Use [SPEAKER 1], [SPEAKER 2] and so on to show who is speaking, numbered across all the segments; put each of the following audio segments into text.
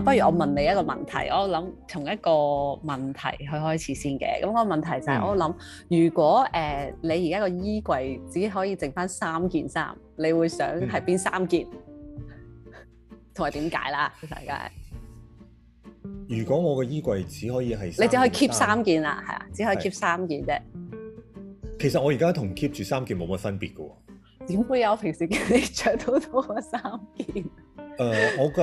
[SPEAKER 1] 不如我問你一個問題，我諗從一個問題去開始先嘅。咁、那個問題就係、是嗯、我諗，如果誒你而家個衣櫃只可以剩返三件衫，你會想係邊三件？同埋點解啦？大家，
[SPEAKER 2] 如果我個衣櫃只可以係，你只可以 keep 三件啦，係件啊，只可以 keep 三件啫。其實我而家同 keep 住三件冇乜分別㗎喎。
[SPEAKER 1] 點會有我平時你着到到三件？
[SPEAKER 2] 誒、呃，我嘅誒、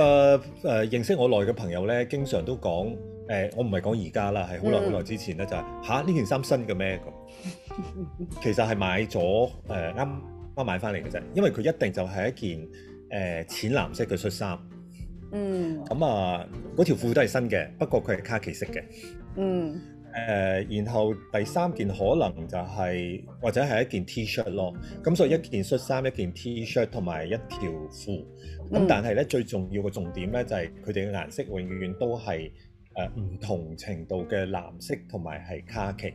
[SPEAKER 2] 呃、認識我耐嘅朋友咧，經常都講誒、呃，我唔係講而家啦，係好耐好耐之前咧就係嚇呢件衫新嘅咩？咁其實係買咗誒啱啱買返嚟嘅啫，因為佢一定就係一件誒、呃、淺藍色嘅恤衫。Mm. 嗯，咁、呃、啊，嗰條褲都係新嘅，不過佢係卡其色嘅。嗯，誒，然後第三件可能就係、是、或者係一件 T-shirt 咯。咁所以一件恤衫、一件 T-shirt 同埋一條褲。咁、嗯、但係咧，最重要嘅重點咧就係佢哋嘅顏色永遠都係誒唔同程度嘅藍色同埋係卡其。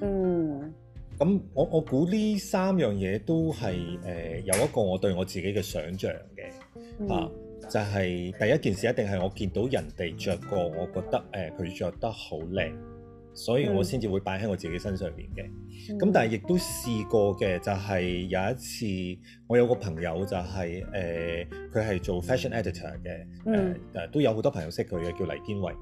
[SPEAKER 2] 嗯。咁我我估呢三樣嘢都係誒、呃、有一個我對我自己嘅想像嘅嚇，啊嗯、就係第一件事一定係我見到人哋着過，我覺得誒佢着得好靚，所以我先至會擺喺我自己身上邊嘅。咁、嗯、但係亦都試過嘅，就係、是、有一次我有個朋友就係、是、誒，佢、呃、係做 fashion editor 嘅，誒、嗯呃、都有好多朋友識佢嘅，叫黎天偉。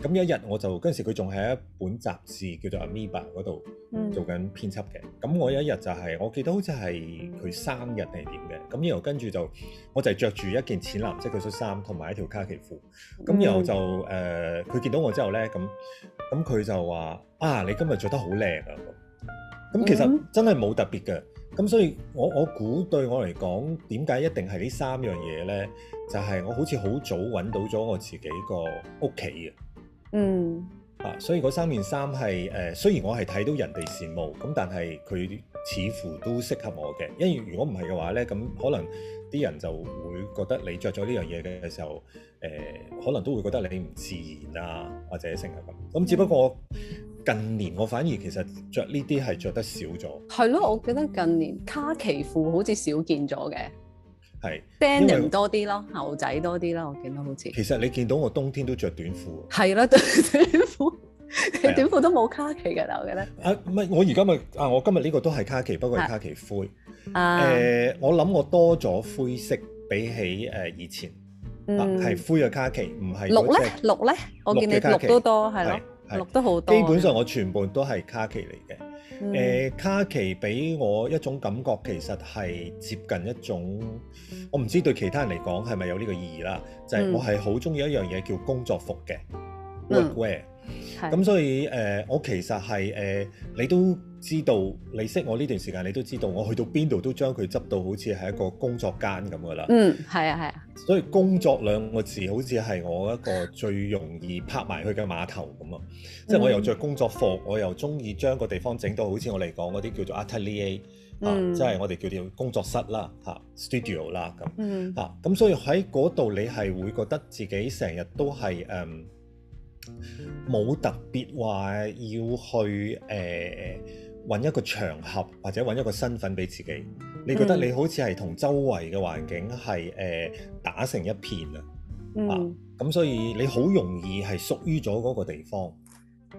[SPEAKER 2] 咁有一日我就嗰陣時佢仲喺一本雜誌叫做《Amoeba》嗰度做緊編輯嘅。咁、嗯、我有一日就係、是、我記得好似係佢生日定係點嘅。咁然、嗯、後跟住就我就係著住一件淺藍色嘅恤衫同埋一條卡其褲。咁然後就誒，佢、呃、見到我之後咧，咁咁佢就話：啊，你今日着得好靚啊！咁、嗯、其實真係冇特別嘅，咁所以我我估對我嚟講，點解一定係呢三樣嘢呢？就係、是、我好似好早揾到咗我自己個屋企嘅，
[SPEAKER 1] 嗯，
[SPEAKER 2] 啊，所以嗰三件衫係誒，雖然我係睇到人哋羨慕，咁但係佢似乎都適合我嘅，因為如果唔係嘅話呢，咁可能啲人就會覺得你着咗呢樣嘢嘅時候，誒、呃，可能都會覺得你唔自然啊，或者成啊咁。咁只不過、嗯近年我反而其實着呢啲係着得少咗。
[SPEAKER 1] 係咯，我記得近年卡其褲好似少見咗嘅。
[SPEAKER 2] 係，丹尼多啲
[SPEAKER 1] 咯，牛仔多啲咯，我見到好似。其
[SPEAKER 2] 實你見到我冬天都着短褲。
[SPEAKER 1] 係咯，短短褲，你短褲都冇卡其㗎，我覺得。
[SPEAKER 2] 啊，唔係，我而家咪啊，我今日呢個都係卡其，不過係卡其灰。誒，我諗我多咗灰色，比起誒以前。
[SPEAKER 1] 嗯。係
[SPEAKER 2] 灰嘅卡其，唔係。綠咧，
[SPEAKER 1] 綠咧，我見你綠都多，係咯。落是得好多，基本上我
[SPEAKER 2] 全部都係卡奇嚟嘅、
[SPEAKER 1] 嗯欸。
[SPEAKER 2] 卡奇俾我一種感覺，其實係接近一種，我唔知對其他人嚟講係咪有呢個意義啦。就係、是、我係好中意一樣嘢叫工作服嘅，workwear。咁所以誒、呃，我其實係誒、呃，你都知道，你識我呢段時間，你都知道我去到邊度都將佢執到好似係一個工作間咁噶啦。嗯，係啊，係啊。所以工作兩個字，好似係我一個最容易泊埋去嘅碼頭咁啊。
[SPEAKER 1] 即係、嗯、我又着
[SPEAKER 2] 工作服，我又中意將個地方整到好似我嚟講嗰啲叫做 atelier、嗯、啊，即、就、係、是、我哋叫做工作室啦，吓、啊、studio 啦咁。嗯。啊，咁所以喺嗰度，你係會覺得自己成日都係誒。嗯冇特別話要去誒，搵、呃、一個場合或者搵一個身份俾自己。你覺得你好似係同周圍嘅環境係誒、呃、打成一片、嗯、啊？啊，咁所以你好容易係屬於咗嗰個地方。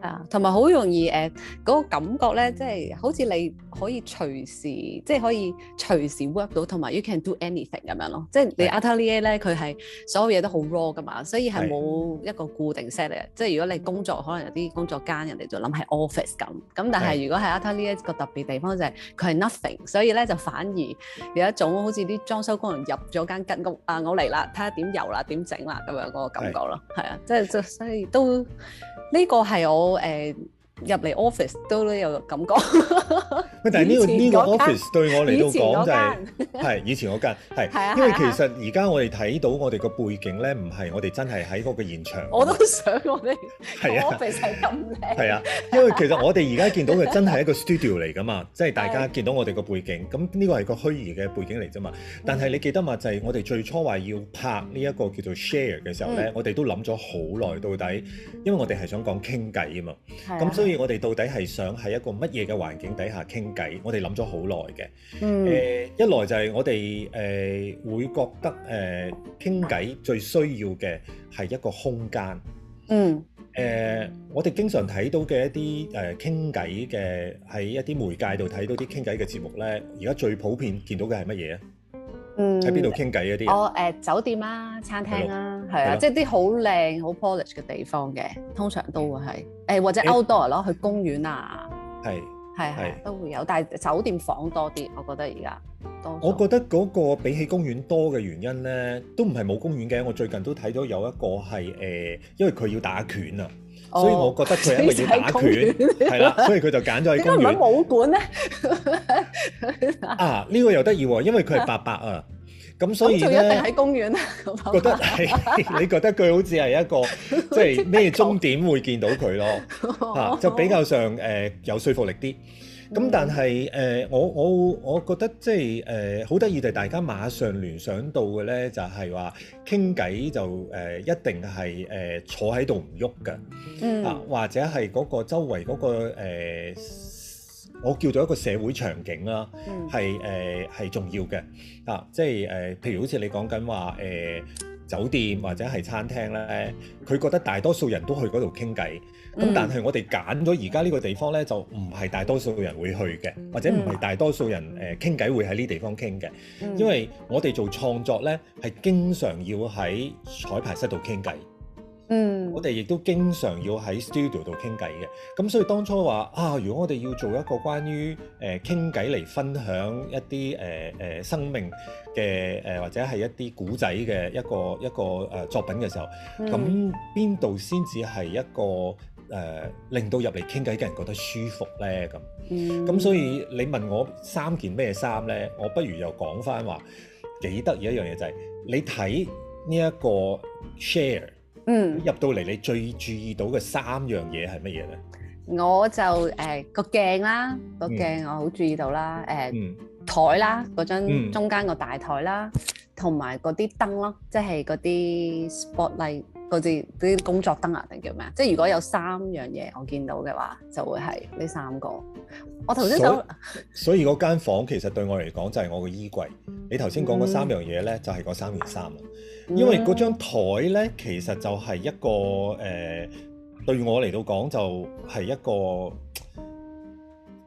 [SPEAKER 1] 啊，同埋好容易誒，嗰、呃那個感覺咧，即、就、係、是、好似你可以隨時，即、就、係、是、可以隨時 work 到，同埋 you can do anything 咁樣咯。即、就、係、是、你 Atelier 咧，佢係的所有嘢都好 raw 㗎嘛，所以係冇一個固定 set 嚟嘅。的即係如果你工作，可能有啲工作間，人哋就諗係 office 咁。咁但係如果係 Atelier，個特別地方就係佢係 nothing，所以咧就反而有一種好似啲裝修工人入咗間吉屋啊，我嚟啦，睇下點油啦，點整啦咁樣嗰、那個感覺咯。係啊的，即係就所以都。呢個係我誒。欸入嚟 office 都都有感覺。 但係呢、呢個呢個 office 對我嚟到講就係、
[SPEAKER 2] 係、係以前嗰間係， 間啊、因為其實而家我哋睇到我哋個背景咧，唔係我哋真係喺嗰個現場。啊、我都
[SPEAKER 1] 想我哋 office 啊，係咁靚。係啊，
[SPEAKER 2] 因為其實我哋而家見到嘅真係一個 studio 嚟噶嘛，即、就、係、係、大家見到我哋個背景，咁呢是個係個虛擬嘅背景嚟啫嘛。但係你記得嘛？就係、係、我哋最初話要拍呢一個叫做 share 嘅時候咧，嗯、我哋都諗咗好耐到底，因為我哋係想講傾偈啊嘛。咁、啊、所以。我哋到底係想喺一個乜嘢嘅環境底下傾偈？我哋諗咗好耐嘅。誒、嗯呃、一來就係我哋誒、呃、會覺得誒傾偈最需要嘅係一個空間。嗯誒、呃，我哋經常睇到嘅一啲誒傾偈嘅喺一啲媒介度睇到啲傾偈嘅節目咧，而家最普遍見到嘅係乜嘢啊？喺邊度傾偈？一啲哦
[SPEAKER 1] 誒，酒店啦、餐廳啦，係啊，即係啲好靚、好 polish 嘅地方嘅，通常都會係誒，或者 outdoor 咯，去公園啊，係係係都會有，但係酒店房多啲，我覺得而家多。我
[SPEAKER 2] 覺得嗰個比起公園多嘅原因咧，都唔係冇公園嘅。我最近都睇到有一個係誒，因為佢要打拳啊。所以我覺得佢係一個要打拳，係啦，所以佢就揀咗喺公園。咁
[SPEAKER 1] 樣武館咧？
[SPEAKER 2] 啊，呢、呢個又得意喎，因為佢係白白啊，咁 所以咧，佢一定喺
[SPEAKER 1] 公園。 覺得係，
[SPEAKER 2] 你覺得佢好似係一個即係咩終點會見到佢咯？ 啊，就比較上誒、呃、有說服力啲。咁、嗯、但係誒、呃，我我我覺得即係誒好得意就係大家馬上聯想到嘅咧，就係話傾偈就誒一定係誒、呃、坐喺度唔喐嘅，嗯、啊或者係嗰個周圍嗰、嗰個、呃、我叫做一個社會場景啦，係誒係重要嘅，啊即係誒、呃，譬如好似你講緊話誒酒店或者係餐廳咧，佢、呃、覺得大多數人都去嗰度傾偈。咁、嗯、但係我哋揀咗而家呢個地方呢，就唔係大多數人會去嘅，嗯、或者唔係大多數人誒傾偈會喺呢地方傾嘅，嗯、因為我哋做創作呢，係經常要喺彩排室度傾偈，嗯，我哋亦都經常要喺 studio 度傾偈嘅。咁所以當初話啊，如果我哋要做一個關於誒傾偈嚟分享一啲誒誒生命嘅誒、呃、或者係一啲古仔嘅一個一個誒、呃、作品嘅時候，咁邊度先至係一個？誒、呃、令到入嚟傾偈嘅人覺得舒服咧，咁，咁、嗯、所以你問我三件咩衫咧，我不如又講翻話幾得意一樣嘢就係、是、你睇呢一個 share，嗯，入到嚟你最注意到嘅三樣嘢係乜嘢咧？
[SPEAKER 1] 我就誒個、呃、鏡啦，個鏡我好注意到啦，誒台啦，嗰、嗯、張中間個大台啦，同埋嗰啲燈咯，即係嗰啲 spotlight。嗰啲啲工作燈啊定叫咩啊？即係如果有三樣嘢我見到嘅話，就會係呢三個。我頭先就
[SPEAKER 2] 所以嗰 間房其實對我嚟講就係我嘅衣櫃。你頭先講嗰三樣嘢咧，嗯、就係嗰三件衫啊。
[SPEAKER 1] 因為嗰張
[SPEAKER 2] 台咧，其實就係一個誒、呃，對我嚟到講就係一個，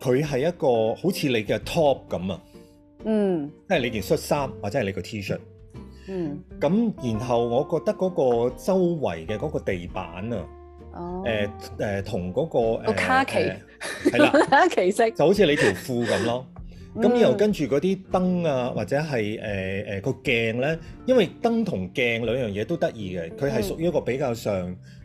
[SPEAKER 2] 佢係一個好似你嘅 top 咁啊。嗯，即係你件恤衫或者係你個 T 恤。嗯，咁然後我覺得嗰個周圍嘅嗰個地板啊，誒誒、哦呃呃、同嗰、嗰個卡其，
[SPEAKER 1] 係啦，卡其色，就好似你條褲咁咯。咁然後跟
[SPEAKER 2] 住嗰啲燈啊，或者係誒誒個鏡咧，因為燈同鏡兩樣嘢都得意嘅，佢係屬於一個比較上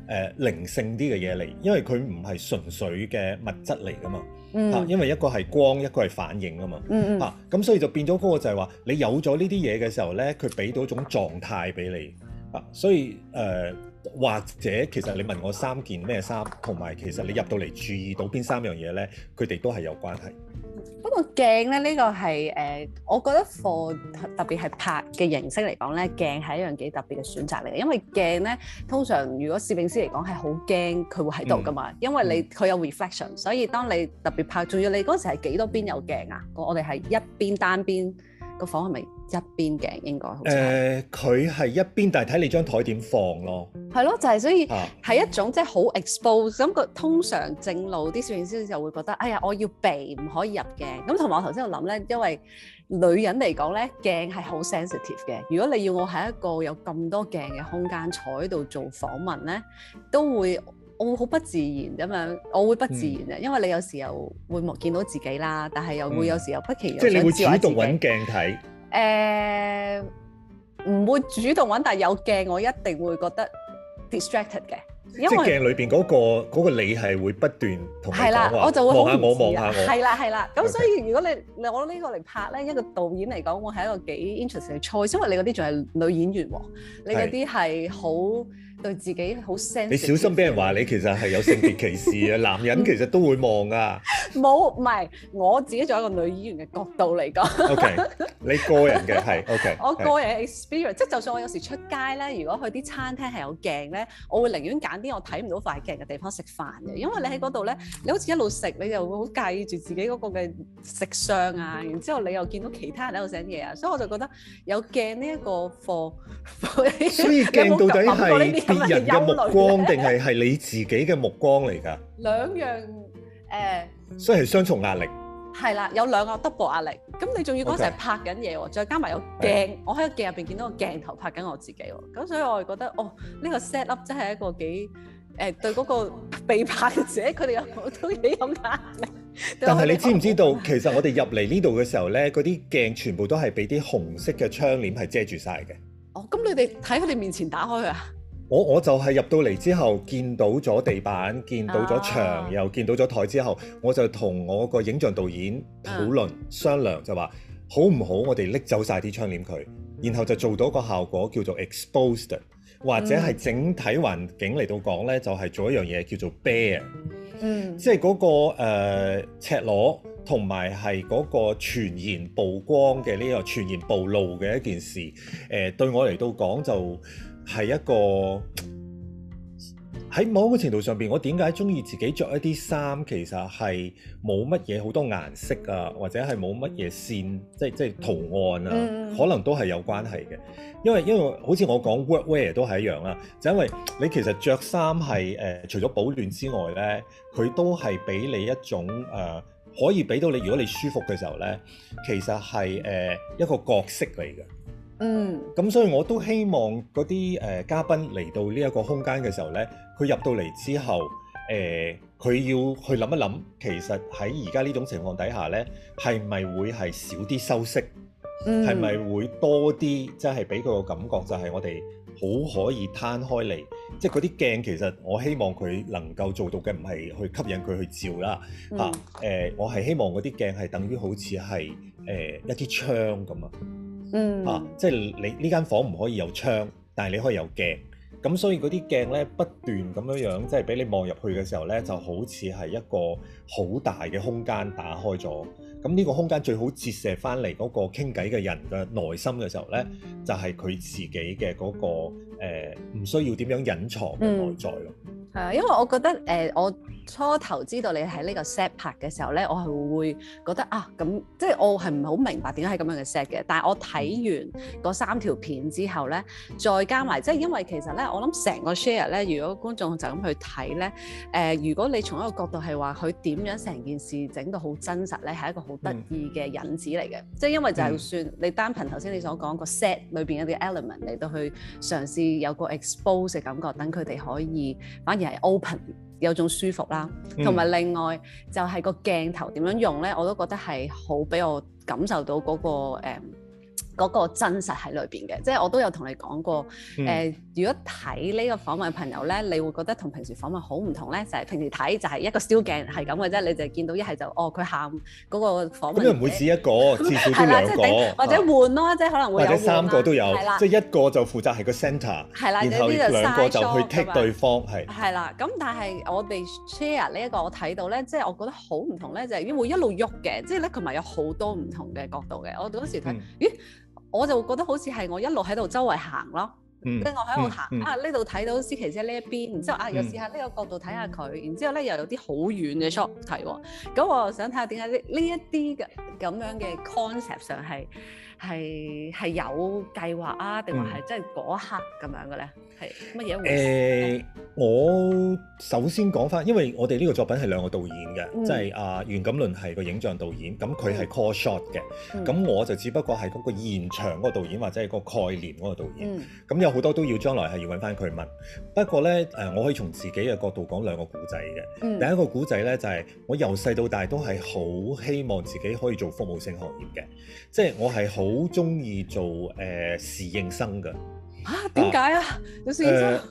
[SPEAKER 2] 誒靈、呃、性啲嘅嘢嚟，因為佢唔係純粹嘅物質嚟㗎嘛。嚇，因為一個係光，一個係反應啊嘛。嚇、嗯嗯，咁、啊、所以就變咗嗰個就係話，你有咗呢啲嘢嘅時候咧，佢俾到一種狀態俾你。啊，所以誒、呃，或者其實你問我三件咩衫，同埋其實你入到嚟注意到邊三樣嘢咧，佢哋都係有關係。
[SPEAKER 1] 呢個鏡咧，呢、呢個係誒、呃，我覺得貨特別係拍嘅形式嚟講咧，鏡係一樣幾特別嘅選擇嚟。因為鏡咧，通常如果攝影師嚟講係好驚佢會喺度㗎嘛，因為你佢有 reflection，所以當你特別拍，仲要你嗰時係幾多邊有鏡啊？我我哋係一邊單邊個房係咪？一邊鏡應該好差。
[SPEAKER 2] 誒，佢係一邊，但係睇你張台點放咯。
[SPEAKER 1] 係咯，就係所以係一種即係好 expose 咁。個通常正路啲攝影師就會覺得，哎呀，我要避唔可以入鏡。咁同埋我頭先我諗咧，因為女人嚟講咧，鏡係好 sensitive 嘅。如果你要我喺一個有咁多鏡嘅空間坐喺度做訪問咧，都會我會好不自然咁樣，我會不自然嘅，因為你有時又會望見到自己啦，但係又會有時又不期然。即係你會主動揾鏡睇。誒唔、uh, 會主動揾，但係有鏡我一定會覺得 distracted 嘅，因為鏡裏
[SPEAKER 2] 邊嗰個你係會不斷同你講話望下我望下、啊、我，我，我，係啦
[SPEAKER 1] 係啦。咁所以如果你你我呢個嚟拍咧，一個導演嚟講，我係一個幾 interesting 嘅 choice，因為你嗰啲仲係女演員喎，你嗰啲係好。對自己好 sense。你小
[SPEAKER 2] 心俾人話你其實係有性別歧視啊！男人其實都會望噶。冇，
[SPEAKER 1] 唔係我自己作為一個女議員嘅角度嚟講。OK，
[SPEAKER 2] 你個人嘅係。OK。我個人
[SPEAKER 1] experience，即係就算我有時出街咧，如果去啲餐廳係有鏡咧，我會寧願揀啲我睇唔到塊鏡嘅地方食飯嘅，因為你喺嗰度咧，你好似一路食，你就會好介意住自己嗰個嘅食相啊。然之後你又見到其他人喺度食嘢啊，所以我就覺得有鏡呢一個課，所以鏡到底係，有冇諗過呢啲？別人嘅目光定
[SPEAKER 2] 係係你自己嘅目光嚟㗎？
[SPEAKER 1] 兩樣誒，欸、
[SPEAKER 2] 所以係雙重壓力。
[SPEAKER 1] 係啦，有兩個 double 壓力。咁你仲要嗰陣時拍緊嘢喎，再加埋有鏡，的我喺個鏡入邊見到個鏡頭拍緊我自己喎。咁所以我係覺得，哦，呢、呢個 set up 真係一個幾誒、欸、對嗰個被拍者，佢哋有都都幾有壓力。 但係你知唔
[SPEAKER 2] 知道， 其實我哋入嚟呢度嘅時候咧，嗰啲鏡全部都係俾啲紅色嘅窗簾係遮住晒嘅。
[SPEAKER 1] 哦，咁你哋喺佢哋面前打開啊？
[SPEAKER 2] 我我就係入到嚟之後，見到咗地板，見到咗牆，oh. 又見到咗台之後，我就同我個影像導演討論 Yeah. 商量，就話好唔好我哋拎走晒啲窗簾佢，然後就做到個效果叫做 exposed，或者係整體環境嚟到講呢，mm. 就係做一樣嘢叫做 bare 嗯，即係嗰個赤裸同埋係嗰個全然曝光嘅呢、呢個全然暴露嘅一件事，誒、呃、對我嚟到講就。係一個喺某一個程度上邊，我點解中意自己着一啲衫？其實係冇乜嘢好多顏色啊，或者係冇乜嘢線，即即係圖案啊，可能都係有關係嘅。因為因為好似我講 workwear 都係一樣啦，就係、因為你其實着衫係誒，除咗保暖之外咧，佢都係俾你一種誒、呃，可以俾到你，如果你舒服嘅時候咧，其實係誒、呃、一個角色嚟嘅。嗯，咁所以我都希望嗰啲誒嘉賓嚟到呢一個空間嘅時候呢，佢入到嚟之後，誒、呃、佢要去諗一諗，其實喺而家呢種情況底下呢係咪會係少啲修飾？
[SPEAKER 1] 係咪、嗯、
[SPEAKER 2] 會多啲？即係俾佢個感覺就係我哋好可以攤開嚟，即係嗰啲鏡其實我希望佢能夠做到嘅唔係去吸引佢去照啦，嚇誒、嗯啊呃，我係希望嗰啲鏡係等於好似係誒一啲窗咁啊。嗯啊，即係你呢間房唔可以有窗，但係你可以有鏡，咁所以嗰啲鏡呢，不斷咁樣樣，即係俾你望入去嘅時候呢，就好似係一個好大嘅空間打開咗。咁呢個空間最好折射翻嚟嗰個傾偈嘅人嘅內心嘅時候呢，就係、是、佢自己嘅嗰、那個誒，唔、嗯呃、需要點樣隱藏嘅內在咯。
[SPEAKER 1] 係啊、嗯，因為我覺得誒、呃、我。初頭知道你喺呢個 set 拍嘅時候咧，我係會覺得啊，咁即係我係唔係好明白點解係咁樣嘅 set 嘅？但係我睇完嗰三條片之後咧，再加埋即係因為其實咧，我諗成個 share 咧，如果觀眾就咁去睇咧，誒、呃，如果你從一個角度係話佢點樣成件事整到好真實咧，係一個好得意嘅引子嚟嘅。嗯、即係因為就算你單憑頭先你所講個 set 裏邊一啲 element 嚟到去嘗試有個 expose 嘅感覺，等佢哋可以反而係 open。有種舒服啦，同埋、嗯、另外就係個鏡頭點樣用咧，我都覺得係好俾我感受到嗰、嗰個誒、呃嗰個、真實喺裏邊嘅，即、就、係、是、我都有同你講過誒。嗯呃如果睇呢個訪問朋友咧，你會覺得同平時訪問好唔同咧，就係、是、平時睇就係一個燒鏡係咁嘅啫，你就見到一係就哦佢喊嗰個訪問。咁唔會
[SPEAKER 2] 只一個，至少 都兩個。 或者
[SPEAKER 1] 換咯，即係可能會有三個都有，即係 的一
[SPEAKER 2] 個就負責係個 centre， 的然後兩個就去踢 的對方吧。係
[SPEAKER 1] 係啦，咁 但係我哋 share 呢、這、一個，我睇到咧，即、就、係、是、我覺得好唔同咧，就係會一路喐嘅，即係咧同埋有好多唔同嘅角度嘅。我到時睇咦，我就覺得好似係我一路喺度周圍行咯。 跟住、嗯嗯嗯、我喺度行啊，呢度睇到思琪姐呢一邊，然之後啊又試下呢個角度睇下佢，嗯、然之後咧又有啲好遠嘅 shot 睇喎，咁我想睇下點解呢呢一啲嘅咁樣嘅 concept 上係。係係有計劃啊？定話係即係一刻咁樣嘅咧？係
[SPEAKER 2] 乜嘢？誒、呃，我首先講翻，因為我哋呢個作品係兩個導演嘅，即係、嗯、啊袁錦麟係個影像導演，咁佢係 call shot 嘅，咁、嗯、我就只不過係個現場個導演或者係個概念個導演，咁、嗯、有好多都要將來係要搵翻佢問。不過咧誒我可以從自己嘅角度講兩個古仔嘅。嗯、第一個古仔咧就係、是、我由細到大都係好希望自己可以做服務性行業嘅，即、就、係、是、我係好。好中意做誒侍、呃、應生嘅啊，
[SPEAKER 1] 點解啊？侍應生、呃，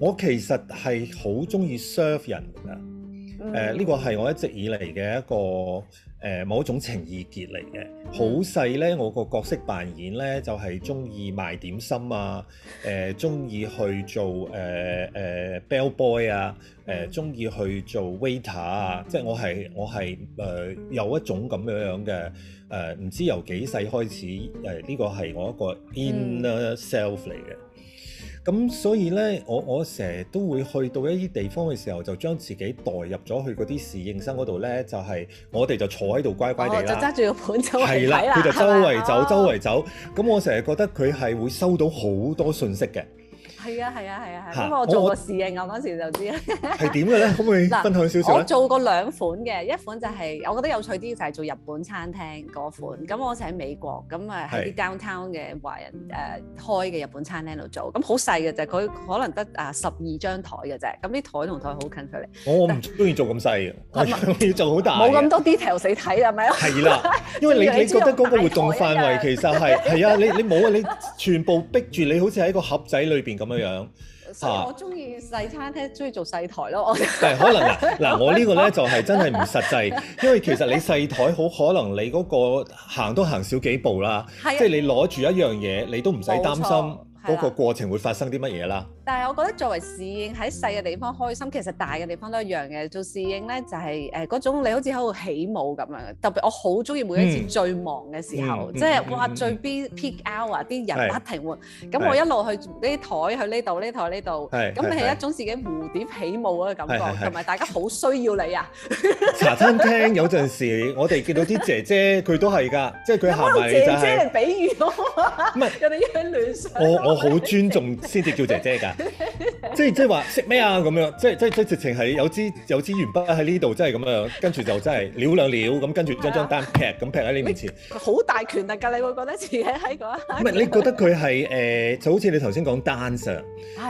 [SPEAKER 2] 我其實係好中意 serve 人嘅
[SPEAKER 1] 誒。呢個係
[SPEAKER 2] 我一直以嚟嘅一個誒、呃、某一種情意結嚟嘅。好細咧，我個角色扮演咧就係中意賣點心啊，誒中意去做誒誒、呃呃、Bell Boy 啊，誒中意去做 waiter 啊。即係我係我係誒、呃、有一種咁樣樣嘅。誒唔、呃、知由幾細開始，誒、呃、呢、這個係我一個 inner self 嚟嘅。咁、嗯、所以咧，我我成日都會去到一啲地方嘅時候，就將自己代入咗去嗰啲侍應生嗰度咧，就係、是、我哋就坐喺度乖乖哋，啦，哦、就揸
[SPEAKER 1] 住個盤走係啦，佢就周圍走，吧周圍走，周
[SPEAKER 2] 圍走。咁我成日覺得佢係會收到好多信息嘅。
[SPEAKER 1] 係啊係啊係啊係！因為我做過侍應，我嗰時就知啦。係點嘅咧？可唔可以分享少少？我做過兩款嘅，一款就係我覺得有趣啲，就係做日本餐廳嗰款。咁我嗰時喺美國，咁啊喺啲 downtown 嘅華人誒開嘅日本餐廳度做，咁好細嘅啫，佢可能得啊十二張台嘅啫。咁啲台同台好近距離。
[SPEAKER 2] 我唔中意做咁細嘅，我要做好大。冇咁
[SPEAKER 1] 多 detail 死睇係咪？係啦，
[SPEAKER 2] 因為你你覺得嗰個活動範圍其實係係啊，你你冇啊，你全部逼住你好似喺個盒仔裏邊咁。咁樣、啊、我
[SPEAKER 1] 中意細餐廳，中意做細台咯。但係 可能嗱嗱，我個呢個咧就係、是、真係唔實際，
[SPEAKER 2] 因為其實你細台好可能你嗰個行都行少幾步啦，啊、即係你攞住一樣嘢，你都唔使擔心嗰個過程會發生啲乜嘢啦。
[SPEAKER 1] 但係我覺得作為侍應喺細嘅地方開心，其實大嘅地方都一樣嘅。做侍應咧就係誒嗰種你好似喺度起舞咁樣，特別我好中意每一次最忙嘅時候，即係哇最邊 peak hour 啲人不停喎，咁我一路去呢台去呢度呢台呢度，咁你係一種自己蝴蝶起舞啊嘅感覺，同埋大家好需要你啊！
[SPEAKER 2] 茶餐廳有陣時我哋見到啲姐姐佢都係㗎，即係佢下嚟就係。有冇姐姐嚟
[SPEAKER 1] 比喻我啊？唔係，人哋喺亂上。我我
[SPEAKER 2] 好尊重先至叫姐姐㗎。 即係即係話識咩啊咁樣，即係、啊、即係即係直情係有支有支鉛筆喺呢度，即係咁樣，跟住就真係撩兩撩，咁跟住將張單，單劈咁劈喺你面前
[SPEAKER 1] 嗯，好大權力㗎，你會覺得自己喺、嗰個唔係 你覺得
[SPEAKER 2] 佢係誒，就好似你頭先講 dancer，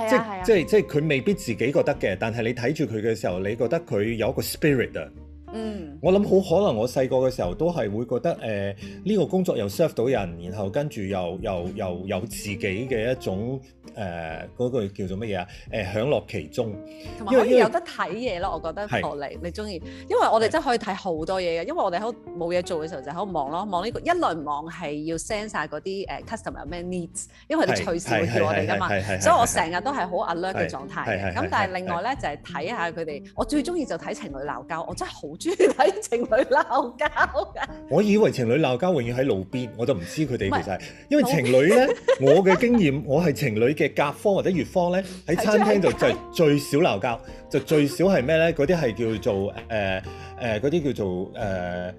[SPEAKER 1] 即係 即係 即
[SPEAKER 2] 係佢未必自己覺得嘅，但係你睇住佢嘅時候，你覺得佢有一個 spirit 啊。嗯， 我諗好可能我細個嘅時候都係會覺得誒呢、呃這個工作又 serve 到人，然後跟住又又又有自己嘅一種誒、呃那個叫做乜嘢啊？誒、呃、享樂其中，同
[SPEAKER 1] 埋為可以有得睇嘢咯。我覺得福利為你中意，因為我哋真係可以睇好多嘢嘅，因為我哋喺冇嘢做嘅時候就喺度望咯，望呢、這個一輪望係要 send 晒嗰啲誒、呃、customer、有咩 needs，因為佢哋隨時會叫我哋噶嘛，所以我成日都係好 alert 嘅狀態嘅。咁但係另外咧就係、是、睇下佢哋，我最中意就睇情侶鬧交，我真係好。住睇
[SPEAKER 2] 情侶鬧交㗎！ 我以為情侶鬧交永遠喺路邊，我就唔知佢哋其實係因為情侶咧，路邊 我嘅經驗，我係情侶嘅甲方或者乙方咧，喺餐廳度就，就最少鬧交，就最少係咩咧？嗰啲係叫做誒誒嗰啲叫做誒誒、呃、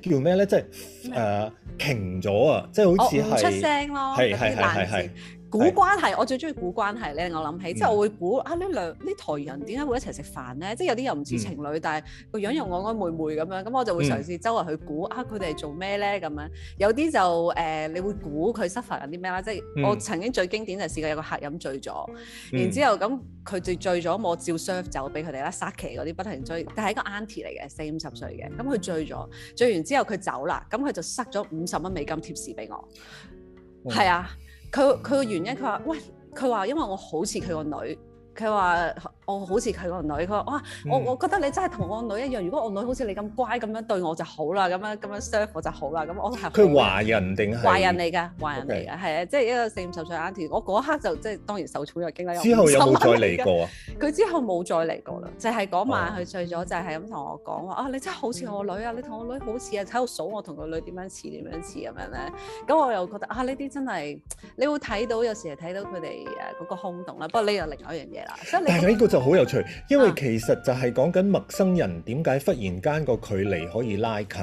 [SPEAKER 2] 叫咩咧？即係誒停咗啊！即、呃、係好似係出聲咯，係係係係。
[SPEAKER 1] 估關係，我最中意估關係咧。我諗起，嗯、即係我會估啊，呢兩呢台人點解會一齊食飯咧？即係有啲又唔似情侶，嗯、但係個樣又愛愛妹妹咁樣。咁我就會嘗試周圍去估、嗯、啊，佢哋係做咩咧？咁樣有啲就誒、呃，你會估佢失 u r 啲咩啦？即係我曾經最經典就試過有個客人醉咗，嗯、然之後咁佢、嗯、醉醉咗，我照 serve 走俾佢哋啦，撒騎嗰啲不停追，但係一個 a u n t y 嚟嘅，四五十歲嘅，咁佢醉咗，醉完之後佢走啦，咁佢就塞咗五十蚊美金貼士俾我，係、嗯、啊。佢佢個原因，佢話：「喂，佢話，因為我好似佢個女。」佢話。我好似佢個女，佢話：哇、啊！我我覺得你真係同我女一樣。如果我女好似你咁乖咁樣對我就好啦，咁樣咁樣 serve 我就好啦。咁我佢壞
[SPEAKER 2] 人定係壞人嚟㗎，
[SPEAKER 1] 壞人嚟㗎，係啊 Okay.！即係一個四五十歲阿叔，我嗰刻就即係當然受寵若驚。之後有冇再嚟過啊？佢之後冇再嚟過，就係、是、嗰晚佢醉咗，哦、就係咁同我講話：啊，你真係好似我女啊！你同我女好似啊，喺度、嗯、數我同個女點樣，樣似點樣似咁樣咧。咁我又覺得啊，呢啲真係你會睇到有時係睇到佢哋誒嗰個空洞啦。不過呢又另外一樣嘢啦，即係
[SPEAKER 2] 你。就好有趣，因為其實就係講緊陌生人點解忽然間個距離可以拉近，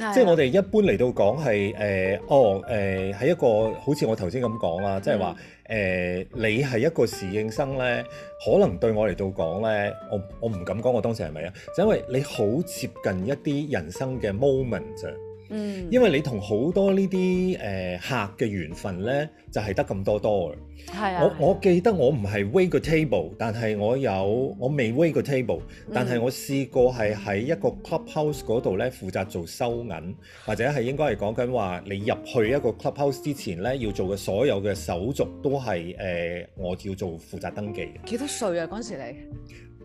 [SPEAKER 1] 啊、即係我哋
[SPEAKER 2] 一般嚟到講係誒、呃、哦誒係、呃、一個好似我頭先咁講啦，即係話誒你係一個侍應生咧，可能對我嚟到講咧，我我唔敢講我當時係咪啊，就係、因為你好接近一啲人生嘅 moment 啫。嗯，因為你同好多呢啲誒客嘅緣分呢，就係得咁多多嘅。係啊、我我記得我唔係 wait 個 table，但係我有我未 wait 個 table，但係我試過係喺一個 clubhouse 嗰度咧負責做收銀，或者係應該係講緊話你入去一個 clubhouse 之前咧要做嘅所有嘅手續都係誒、呃、我叫做負責登記。
[SPEAKER 1] 幾多歲啊？嗰陣時你？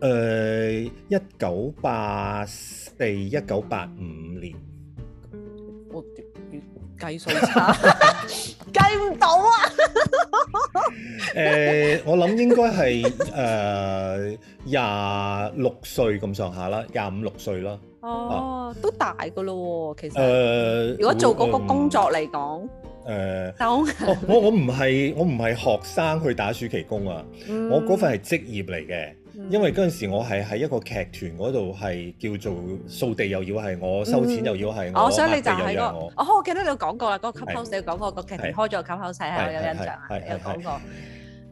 [SPEAKER 1] 誒、
[SPEAKER 2] 呃，一九八，四、一九八五年。
[SPEAKER 1] 我點計數？差計唔到啊！
[SPEAKER 2] 誒，我諗應該係誒廿六歲咁上下啦，廿五六歲啦。哦，
[SPEAKER 1] 都大噶咯、哦，其實。誒，uh, 如果做嗰個工作嚟講，
[SPEAKER 2] 誒，我我我唔係我唔係學生去打暑期工啊，嗯、我嗰份係職業嚟嘅。因為嗰陣時我係喺一個劇團嗰度，係叫做掃地，又要係我收錢，又要係我打地，又要我。哦，我記得你有講過啦，嗰吸
[SPEAKER 1] 口屎講過、個劇團開咗吸口屎，我有印象，有講
[SPEAKER 2] 過。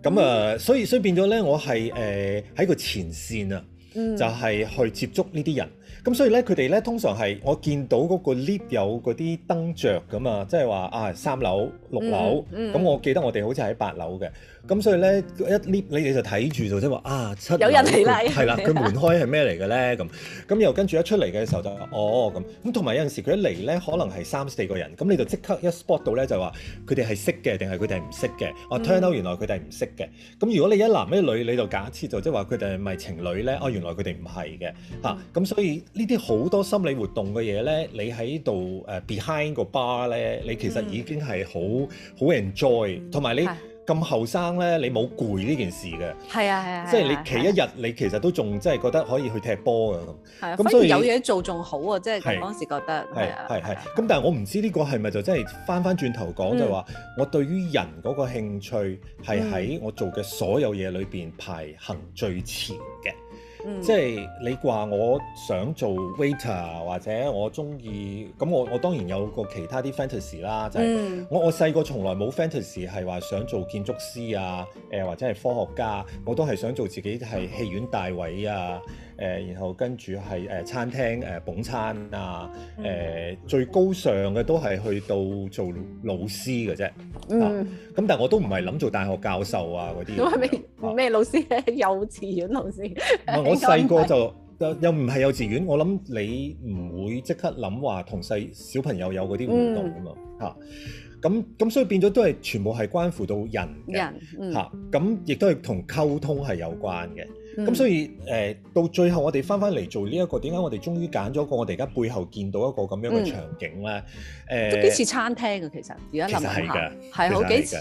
[SPEAKER 2] 咁啊，所以所以變咗咧，我係誒喺個前線啊，就係去接觸呢啲人。咁、嗯、所以咧，佢哋咧通常係我見到嗰個 lift 有嗰啲燈着㗎嘛，即係話啊，三樓、六樓，咁、嗯嗯、我記得我哋好似喺八樓嘅。咁所以咧，一 lift 你哋就睇住就即係話啊，七有人嚟啦！係啦，佢 門開係咩嚟嘅咧？咁咁又跟住一出嚟嘅時候就哦咁咁，同埋有陣時佢一嚟咧，可能係三四個人，咁你就即刻一 spot 到咧就話佢哋係識嘅定係佢哋係唔識嘅。哦，turn out 原來佢哋係唔識嘅。咁如果你一男一女，你就假設就即係話佢哋係咪情侶咧？哦、啊，原來佢哋唔係嘅嚇。咁、嗯啊、所以呢啲好多心理活動嘅嘢咧，你喺度誒 behind 個 bar 咧，你其實已經係好好 enjoy，同埋你。嗯。咁後生咧，你冇攰呢件事嘅，
[SPEAKER 1] 係啊係啊，即係你企
[SPEAKER 2] 一日，你其實都仲即係覺得可以去踢波㗎咁。係啊，
[SPEAKER 1] 咁所以有嘢做仲好啊。即係當時覺得係
[SPEAKER 2] 係係。咁但係我唔知呢個係咪就真係翻翻轉頭講就話，我對於人嗰個興趣係喺我做嘅所有嘢裏邊排行最前嘅。嗯、即係你話我想做 waiter 或者我中意，咁我我當然有個其他啲 fantasy 啦，就係、是、我、嗯、我細個從來冇 fantasy 係話想做建築師啊，誒、呃、或者係科學家，我都係想做自己係戲院大位啊。嗯誒，然後跟住係誒餐廳誒捧餐啊，誒、呃、最高尚嘅都係去到做老師嘅啫。嗯。咁，但係我都唔係諗做大學教授啊嗰啲。都係
[SPEAKER 1] 咩咩老師咧？幼稚園老師。唔係，我細個就
[SPEAKER 2] 又唔係幼稚園。我諗你唔會即刻諗話同細小朋友有嗰啲互動㗎嘛？嚇、嗯。咁咁、啊，所以變咗都係全部係關乎到人
[SPEAKER 1] 嘅。人。
[SPEAKER 2] 咁亦都係同溝通係有關嘅。咁所以誒、呃，到最後我哋翻翻嚟做呢、這個、一個，點解我哋終於揀咗個我哋而家背後見到一個咁樣嘅場景咧？都幾似
[SPEAKER 1] 餐廳嘅其實，而家諗下係好幾次，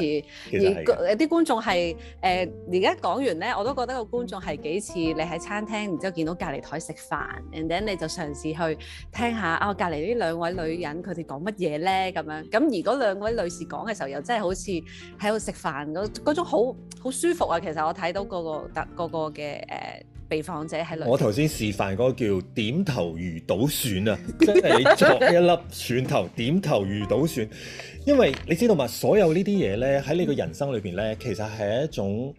[SPEAKER 1] 而啲觀眾係，誒、呃，而家講完咧，我都覺得個觀眾係幾似你喺餐廳，然之後見到隔離台食飯，and then 你就嘗試去聽下啊，隔離呢兩位女人佢哋講乜嘢咧咁樣。咁而嗰兩位女士講嘅時候，又真係好似喺度食飯嗰嗰種好好舒服啊！其實我睇到、嗰個個特個個嘅。誒、呃、被訪者喺裏我頭
[SPEAKER 2] 先示範嗰個叫點頭如倒蒜啊， 即係你作一粒蒜頭點頭如倒蒜，因為你知道嘛，所有呢啲嘢咧喺你個人生裏邊咧，其實係一種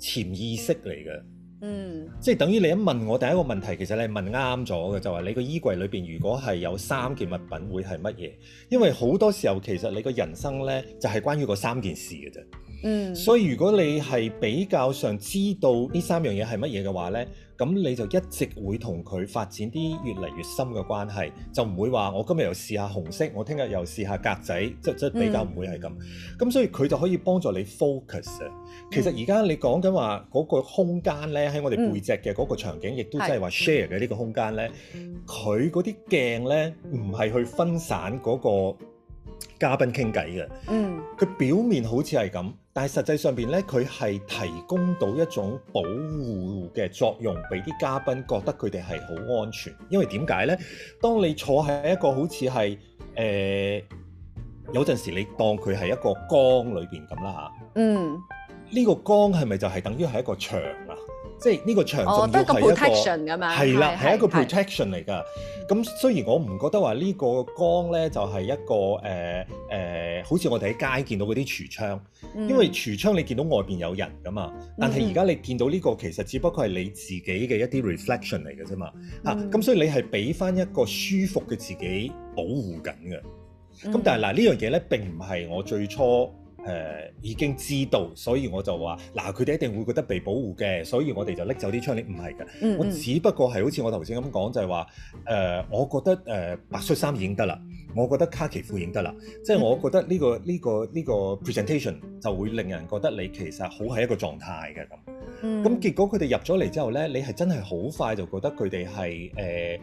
[SPEAKER 2] 潛意識嚟嘅，嗯，即係等於你一問我第一個問題，其實你問啱咗嘅，就係、是、你個衣櫃裏邊如果係有三件物品，會係乜嘢？因為好多時候其實你個人生咧就係、是、關於嗰三件事嘅啫。嗯，所以如果你係比較想知道呢三樣嘢係乜嘢嘅話呢，咁你就一直會同佢發展啲越嚟越深嘅關係，就唔會話我今日又試下紅色，我聽日又試下格仔，即即比較唔會係咁。咁、嗯、所以佢就可以幫助你 focus 啊。其實而家你講緊話嗰個空間呢，喺我哋背脊嘅嗰個場景，亦都即係話 share 嘅呢個空間呢，佢嗰啲鏡呢，唔係去分散嗰個嘉賓傾偈嘅。嗯，佢表面好似係咁。但係實際上邊咧，佢係提供到一種保護嘅作用，俾啲嘉賓覺得佢哋係好安全。因為點解咧？當你坐喺一個好似係誒有陣時，你當佢係一個缸裏邊咁啦
[SPEAKER 1] 嚇。
[SPEAKER 2] 嗯，呢個缸係咪就係等於係一個牆啊？即係呢個場仲、哦、要係一個係啦，係一個 protection 嚟噶。咁雖然我唔覺得話呢個光咧就係、是、一個誒誒、呃呃，好似我哋喺街見到嗰啲櫥窗，嗯、因為櫥窗你見到外邊有人噶嘛。但係而家你見到呢個其實只不過係你自己嘅一啲 reflection 嚟嘅啫嘛。嗯、啊，咁所以你係俾翻一個舒服嘅自己保護緊嘅。咁但係嗱、嗯、呢樣嘢咧並唔係我最初。誒、呃、已經知道，所以我就話嗱，佢哋一定會覺得被保護嘅，所以我哋就拎走啲槍。你唔係㗎，mm hmm. 我只不過係好似我頭先咁講，就係話誒，我覺得誒、呃、白恤衫已經得啦，我覺得卡其褲已經得啦，mm hmm. 即係我覺得呢、這個呢、這個呢、這個 presentation 就會令人覺得你其實好係一個狀態嘅咁。咁、mm hmm. 結果佢哋入咗嚟之後呢，你係真係好快就覺得佢哋係誒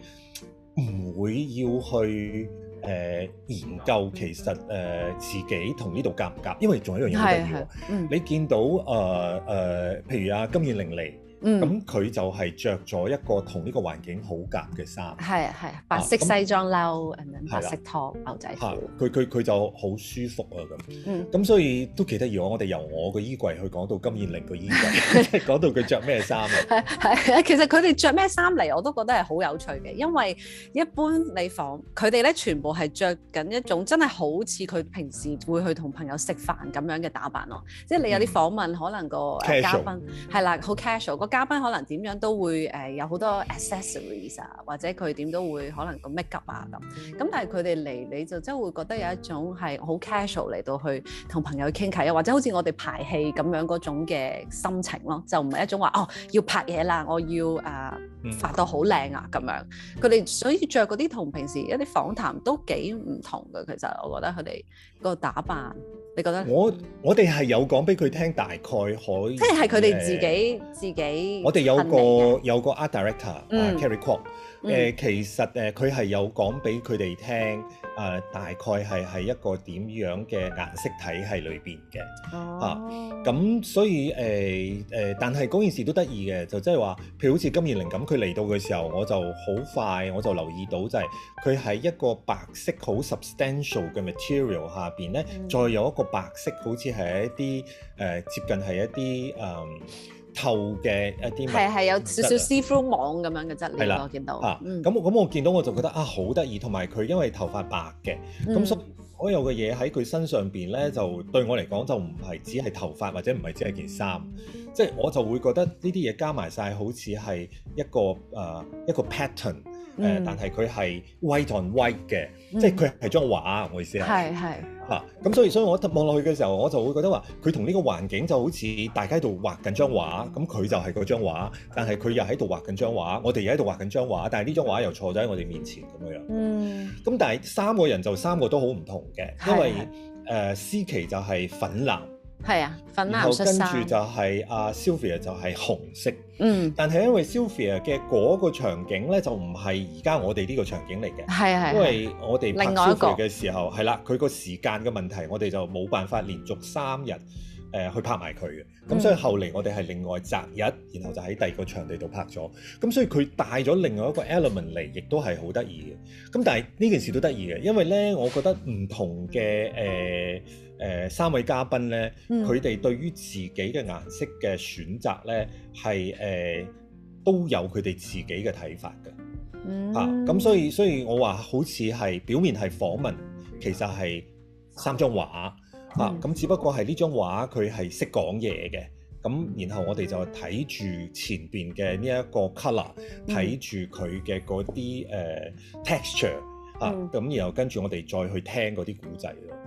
[SPEAKER 2] 唔會要去。誒、呃、研究其實誒、呃、自己同呢度夾唔夾，因為仲有一樣嘢要講，嗯、你見到誒誒、呃呃，譬如啊金燕玲莉。咁佢、嗯嗯、就係着咗一個同呢個環境好夾嘅衫，
[SPEAKER 1] 係係白色西裝褸，啊嗯、的白色拖牛仔褲，
[SPEAKER 2] 佢佢佢就好舒服啊咁。咁、嗯、所以都幾得意喎！我哋由我個衣櫃去講到金燕玲個衣櫃， 講到佢着咩衫啊？
[SPEAKER 1] 係 其實佢哋着咩衫嚟我都覺得係好有趣嘅，因為一般你訪佢哋咧全部係着緊一種真係好似佢平時會去同朋友食飯咁樣嘅打扮咯，即係你有啲訪問可能個嘉賓係啦，好 casual 嘉賓可能點樣都會誒、呃、有好多 accessories 啊，或者佢點都會可能個 make up 啊咁。咁但係佢哋嚟你就真會覺得有一種係好 casual 嚟到去同朋友去傾偈啊，或者好似我哋排戲咁樣嗰種嘅心情咯，就唔係一種話哦要拍嘢啦，我要誒、呃、發到好靚啊咁樣。佢哋所以着嗰啲同平時一啲訪談都幾唔同嘅，其實我覺得佢哋個打扮。你覺得
[SPEAKER 2] 我我哋係有講俾佢聽，大概可以即係佢哋自己自己。
[SPEAKER 1] 呃、自己我哋有個
[SPEAKER 2] 有個 art director，嗯，Kerry Cole、呃嗯、其實誒，佢、呃、係有講俾佢哋聽。誒、呃、大概係喺一個點樣嘅顏色體系裏邊嘅，oh. 啊，咁所以誒誒、呃呃，但係嗰件事都得意嘅，就即係話，譬如好似金燕玲咁，佢嚟到嘅時候，我就好快我就留意到、就是，就係佢喺一個白色好 substantial 嘅 material 下邊咧，mm hmm. 再有一個白色，好似係一啲誒、呃、接近係一啲誒。嗯透嘅一啲係係有少少
[SPEAKER 1] see through 網咁樣嘅質料，的我見到。啊，
[SPEAKER 2] 咁、嗯、我咁我見到我就覺得啊好得意，同埋佢因為頭髮白嘅，咁所所有嘅嘢喺佢身上邊咧，就對我嚟講就唔係只係頭髮或者唔係只係件衫，即係、嗯、我就會覺得呢啲嘢加埋晒，好似係一個誒、呃、一個 pattern。誒，嗯、但係佢係 white on white 嘅，嗯、即係佢係張畫，我意思係。係係。咁、啊、所以所以我望落去嘅時候，我就會覺得話，佢同呢個環境就好似大家喺度畫緊張畫，咁佢就係嗰張畫，但係佢又喺度畫緊張畫，我哋又喺度畫緊張畫，但係呢張畫又坐咗喺我哋面前咁嘅樣。嗯。咁、啊、但係三個人就三個都好唔同嘅，因為誒思琪就係粉藍。
[SPEAKER 1] 係啊，粉藍色。跟住就
[SPEAKER 2] 係阿 Sophia 就係紅色。嗯。但係因為 Sophia 嘅嗰個場景咧，就唔係而家我哋呢個場景嚟嘅。係係。 啊、因為我哋拍佢嘅時候係啦，佢個時間嘅問題，我哋就冇辦法連續三日誒、呃、去拍埋佢嘅。咁、嗯、所以後嚟我哋係另外擇日，然後就喺第二個場地度拍咗。咁所以佢帶咗另外一個 element 嚟，亦都係好得意嘅。咁但係呢件事都得意嘅，因為咧，我覺得唔同嘅誒。呃 誒、呃、三位嘉賓咧，佢哋、嗯、對於自己嘅顏色嘅選擇咧，係誒、呃、都有佢哋自己嘅睇法嘅。嗯、啊，咁所以所以我話好似係表面係訪問，其實係三張畫、嗯、啊。咁只不過係呢張畫佢係識講嘢嘅。咁然後我哋就睇住前邊嘅呢一個 color，睇住佢嘅嗰啲誒、呃、texture 啊。咁、嗯、然後跟住我哋再去聽嗰啲古仔咯。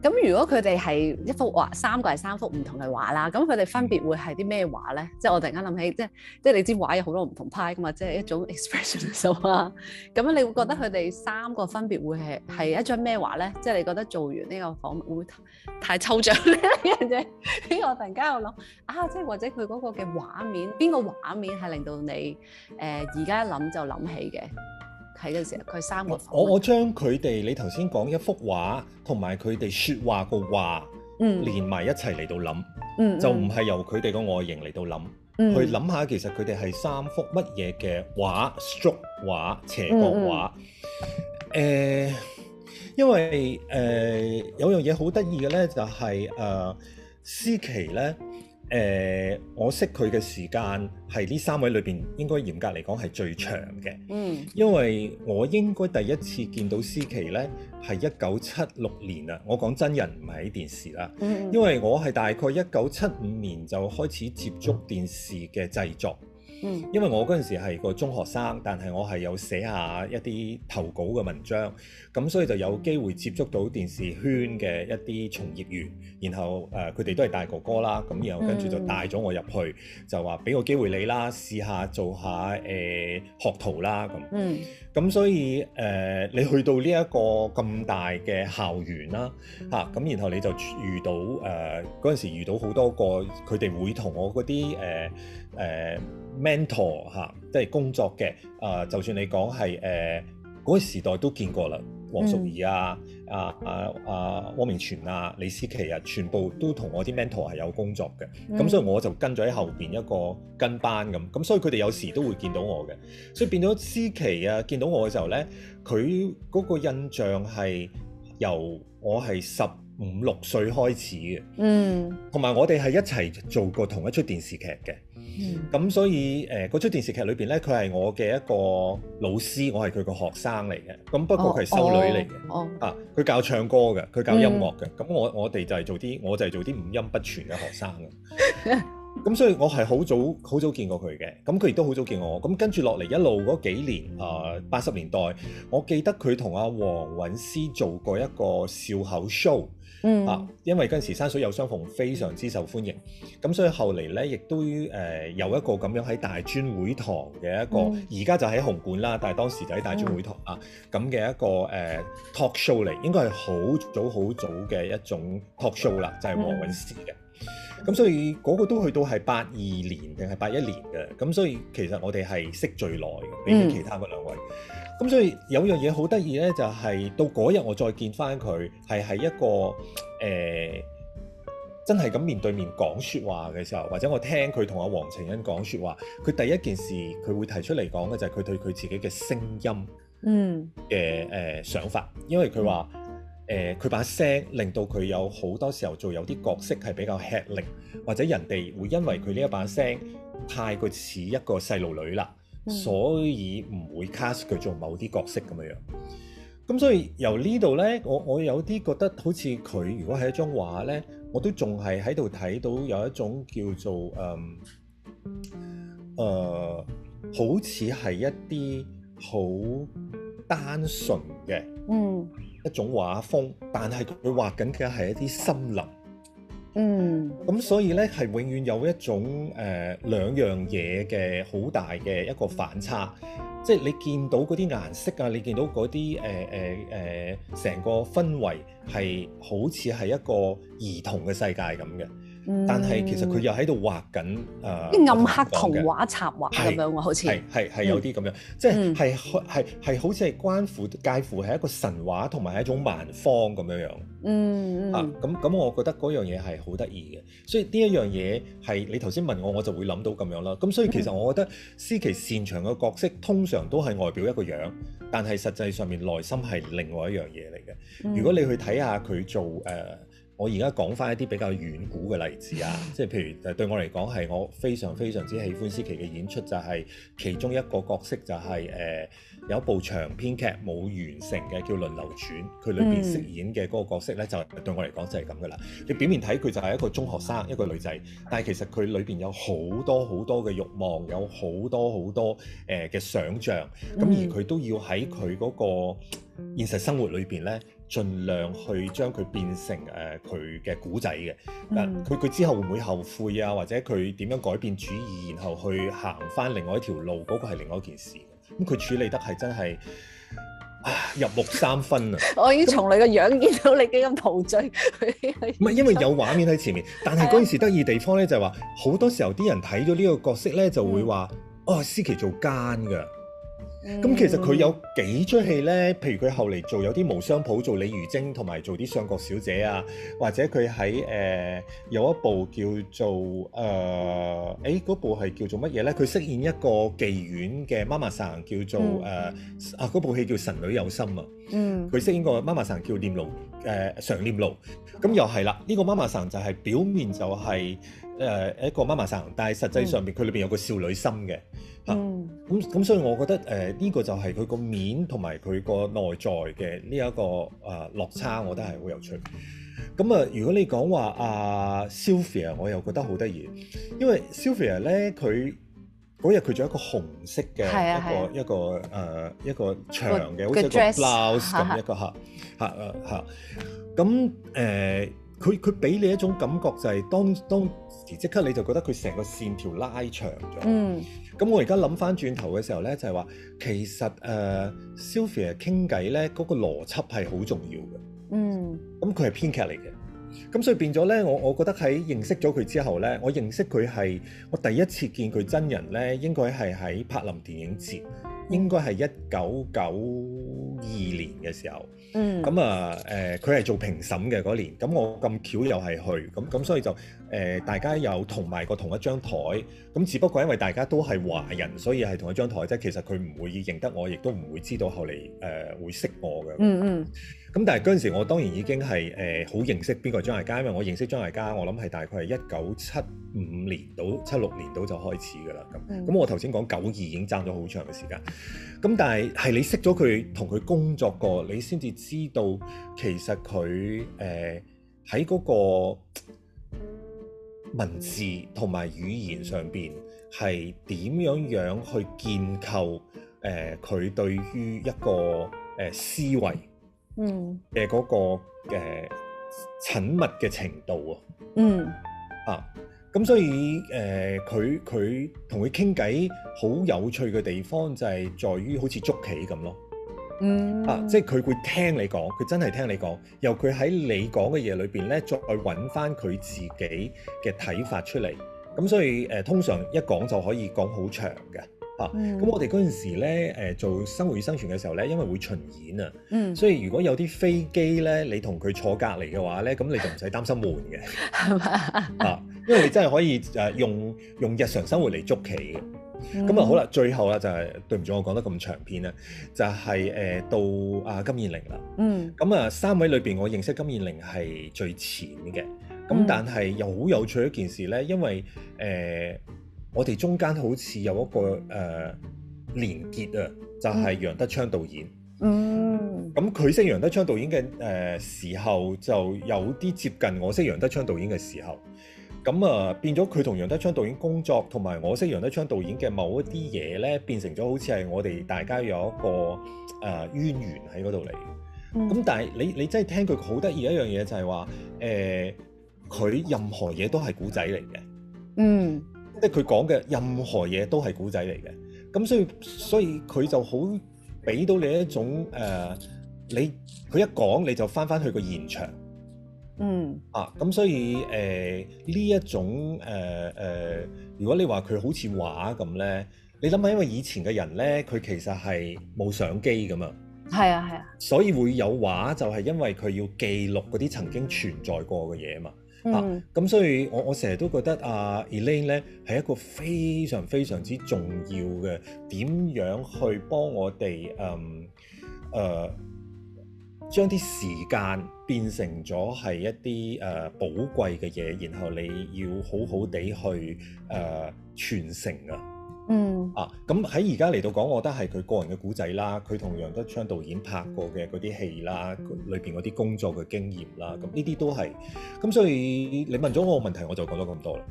[SPEAKER 1] 咁如果佢哋係一幅畫，三個係三幅唔同嘅畫啦，咁佢哋分別會係啲咩畫咧？即係我突然間諗起，即係即係你知畫有好多唔同派噶嘛，即係一種 expressionism 啦。咁你會覺得佢哋三個分別會係係一張咩畫咧？即係你覺得做完呢個訪會，會太抽象咧？人哋，所以我突然間又諗，啊，即係或者佢嗰個嘅畫面，邊個畫面係令到你誒而家一諗就諗起嘅？睇嗰陣時候，佢三個我。我我
[SPEAKER 2] 將佢哋你頭先講一幅畫，同埋佢哋説話個話，嗯、連埋一齊嚟到諗，嗯嗯就唔係由佢哋個外形嚟到諗，嗯、去諗下其實佢哋係三幅乜嘢嘅畫，水墨畫、斜角畫。誒、嗯嗯欸，因為誒、呃、有樣嘢好得意嘅咧，就係誒思琪咧。呃誒、呃，我識佢嘅時間係呢三位裏邊應該嚴格嚟講係最長嘅。嗯，因為我應該第一次見到思琪呢，係一九七六年啦。我講真人唔係喺電視啦。因為我係大概一九七五年就開始接觸電視嘅製作。嗯，因為我嗰陣時係個中學生，但係我係有寫下一啲投稿嘅文章，咁所以就有機會接觸到電視圈嘅一啲從業員，然後誒佢哋都係大哥哥啦，咁然後跟住就帶咗我入去，嗯、就話俾個機會你啦，試下做下誒、呃、學徒啦咁。嗯，咁所以誒、呃、你去到呢一個咁大嘅校園啦，嚇、啊、咁然後你就遇到誒嗰陣時遇到好多個佢哋會同我嗰啲誒。呃誒、uh, mentor 嚇、uh,，即係工作嘅。啊，就算你講係誒嗰個時代都見過啦，黃淑儀啊，啊啊啊汪明荃啊，李思琪啊，全部都同我啲 mentor 係有工作嘅。咁、mm. 所以我就跟咗喺後邊一個跟班咁。咁所以佢哋有時都會見到我嘅。所以變咗思琪啊，見到我嘅時候咧，佢嗰個印象係由我係十五六歲開始嘅，
[SPEAKER 1] 嗯，
[SPEAKER 2] 同埋我哋係一齊做過同一出電視劇嘅，咁、嗯、所以誒嗰出電視劇裏邊咧，佢係我嘅一個老師，我係佢個學生嚟嘅。咁不過佢係修女嚟嘅，哦哦、啊，佢教唱歌嘅，佢教音樂嘅。咁、嗯、我我哋就係做啲，我就係做啲五音不全嘅學生啊。咁所以我係好早好早見過佢嘅，咁佢亦都好早見過我。咁跟住落嚟一路嗰幾年，啊、呃，八十年代，我記得佢同阿黃韻詩做過一個笑口 show。嗯啊，因為嗰陣時山水有相逢非常之受歡迎，咁所以後嚟咧亦都誒有一個咁樣喺大專會堂嘅一個，而家、嗯、就喺紅館啦，但係當時就喺大專會堂啊咁嘅一個誒、uh, talk show 嚟，應該係好早好早嘅一種 talk show 啦，就係、是、黃韻詩嘅。咁、嗯、所以嗰個都去到係八二年定係八一年嘅，咁所以其實我哋係識最耐嘅，比起其他嗰兩位。嗯。咁所以有樣嘢好得意咧，就係、是、到嗰日我再見翻佢，係喺一個誒、呃、真係咁面對面講説話嘅時候，或者我聽佢同阿黃晴欣講説話，佢第一件事佢會提出嚟講嘅就係佢對佢自己嘅聲音嗯嘅誒想法，因為佢話誒佢把聲令到佢有好多時候做有啲角色係比較吃力，或者人哋會因為佢呢一把聲太過似一個細路女啦。所以唔會 cast 佢做某啲角色咁樣樣，咁所以由呢度咧，我我有啲覺得好似佢如果係一張畫咧，我都仲係喺度睇到有一種叫做誒誒、嗯呃、好似係一啲好單純嘅嗯一種畫風，但係佢畫緊嘅係一啲森林。嗯，咁所以咧，係永遠有一種誒、呃、兩樣嘢嘅好大嘅一個反差，即係你見到嗰啲顏色啊，你見到嗰啲誒誒誒成個氛圍係好似係一個兒童嘅世界咁嘅。但係其實佢又喺度畫緊誒啲暗黑童話插畫咁樣，好似係係有啲咁樣，嗯、即係係係係好似係關乎介乎係一個神話同埋係一種萬方咁樣樣。
[SPEAKER 1] 嗯
[SPEAKER 2] 啊，咁咁我覺得嗰樣嘢係好得意嘅，所以呢一樣嘢係你頭先問我，我就會諗到咁樣啦。咁所以其實我覺得思琪擅長嘅角色通常都係外表一個樣，但係實際上面內心係另外一樣嘢嚟嘅。如果你去睇下佢做誒。呃我而家講翻一啲比較遠古嘅例子啊，即係譬如誒，對我嚟講係我非常非常之喜歡司棋嘅演出，就係、是、其中一個角色就係、是、誒、呃、有一部長篇劇冇完成嘅叫《輪流傳》，佢裏邊飾演嘅嗰個角色咧，就對我嚟講就係咁噶啦。你表面睇佢就係一個中學生，一個女仔，但係其實佢裏邊有好多好多嘅慾望，有好多好多誒嘅、呃、想像，咁而佢都要喺佢嗰個現實生活裏邊咧，盡量去將佢變成誒佢嘅古仔嘅，嗱，佢佢之後會唔會後悔啊？或者佢點樣改變主意，然後去行翻另外一條路，嗰個係另外一件事。咁、嗯、佢處理得係真係入木三分
[SPEAKER 1] 啊！ 我已經從你個樣見到你幾咁陶醉。唔係，因為有
[SPEAKER 2] 畫面喺前面，但係嗰陣時得意地方咧就係話，好多時候啲人睇咗呢個角色咧就會話：哦，思琪做奸㗎。咁、嗯、其實佢有幾出戲咧，譬如佢後嚟做有啲無雙譜做《李如晶》，同埋做啲相國小姐啊，或者佢喺誒有一部叫做誒，誒、呃、嗰、欸、部係叫做乜嘢咧？佢飾演一個妓院嘅媽媽生，叫做誒、嗯、啊嗰部戲叫《神女有心》啊、嗯呃，嗯，佢飾演個媽媽生叫念奴誒常念奴，咁又係啦，呢個媽媽生就係表面就係、是。誒、呃、一個媽媽生，但係實際上邊佢裏邊有個少女心嘅嚇，咁、啊、咁、嗯嗯、所以我覺得誒呢、呃這個就係佢個面同埋佢個內在嘅呢一個誒、呃、落差，我覺得係好有趣。咁啊、嗯，如果你講話阿 Sophia，我又覺得好得意，因為 Sophia 咧佢嗰日佢著一個紅色嘅、啊、一個、啊、一個誒、呃、一個長嘅，好似個 blouse 咁一個嚇嚇嚇咁誒，佢佢俾你一種感覺就係當當。當當當當。即刻你就覺得佢成個線條拉長咗。嗯，咁我而家諗翻轉頭嘅時候咧，就係話其實誒 Sophia 傾偈咧嗰個邏輯係好重要嘅。嗯，咁佢係編劇嚟嘅，咁所以變咗咧，我我覺得喺認識咗佢之後咧，我認識佢係我第一次見佢真人咧，應該係喺柏林電影節，應該係一九九二年嘅時候，嗯，咁啊誒佢係做評審嘅嗰年，咁我咁巧又係去，咁咁所以就誒、呃、大家有同埋個同一張台，咁只不過因為大家都係華人，所以係同一張台，即係其實佢唔會認得我，亦都唔會知道後嚟誒、呃、會識我嘅。嗯嗯。咁、嗯、但係嗰陣時，我當然已經係誒好認識邊個張艾嘉，因為我認識張艾嘉，我諗係大概係一九七五年到七六年到就開始噶啦。咁咁、嗯嗯、我頭先講九二已經爭咗好長嘅時間，咁但係係你識咗佢，同佢工作過，你先至知道其實佢誒喺嗰個文字同埋語言上邊係點樣樣去建構誒佢，呃，對於一個誒思維，
[SPEAKER 1] 嗰
[SPEAKER 2] 個，嗯嘅嗰個誒緊密嘅程度嗯啊嗯啊，咁，所以誒佢佢同佢傾偈好有趣嘅地方就係在於好似捉棋咁咯。嗯啊，即係佢會聽你講，佢真係聽你講，由佢喺你講嘅嘢裏邊咧，再去揾翻佢自己嘅睇法出嚟。咁所以誒、呃，通常一講就可以講好長嘅，吓、啊。咁、嗯、我哋嗰陣時咧，誒、呃、做生活與生存嘅時候咧，因為會巡演啊，嗯、所以如果有啲飛機咧，你同佢坐隔籬嘅話咧，咁你就唔使擔心悶嘅，吧啊，因為你真係可以誒、呃、用用日常生活嚟捉棋嘅。咁啊，好啦，嗯嗯、最後啦就係、是、對唔住，我講得咁長篇啦，就係、是、誒、呃、到阿金燕玲啦。嗯，咁啊、嗯、三位裏邊，我認識金燕玲係最淺嘅。咁但係又好有趣一件事咧，因為誒、呃、我哋中間好似有一個誒、呃、連結啊，就係、是、楊德昌導演。嗯，咁佢識楊德昌導演嘅誒時候，就有啲接近我識楊德昌導演嘅時候。咁啊，變咗佢同楊德昌導演工作，同埋我識楊德昌導演嘅某一啲嘢咧，變成咗好似係我哋大家有一個誒、呃、淵源喺嗰度嚟。咁、嗯、但係你你真係聽佢好得意一樣嘢就係話，誒、呃、佢任何嘢都係古仔嚟
[SPEAKER 1] 嘅，
[SPEAKER 2] 嗯，即係佢講嘅任何嘢都係古仔嚟嘅。咁所以所以佢就好俾到你一種誒、呃，你佢一講你就返返去個現場。嗯啊，咁所以誒，呢、呃、一種，誒、呃，誒、呃，如果你話佢好似畫咁咧，你諗下，因為以前嘅人咧，佢其實係冇相機咁啊，
[SPEAKER 1] 係啊係啊，
[SPEAKER 2] 所以會有畫，就係因為佢要記錄嗰啲曾經存在過嘅嘢啊嘛。嗯、啊，咁所以我我成日都覺得啊，Elaine 咧係一個非常非常之重要嘅，點樣去幫我哋誒，誒、嗯，將、呃、啲時間。變成咗係一啲誒、uh，寶貴嘅嘢，然後你要好好地去誒傳承啊。嗯啊，咁喺而家嚟到講，我覺得係佢個人嘅古仔啦，佢同楊德昌導演拍過嘅嗰啲戲啦，裏、嗯、邊嗰啲工作嘅經驗啦，咁呢啲都係。咁所以你問咗我個問題，我就講咗咁多啦。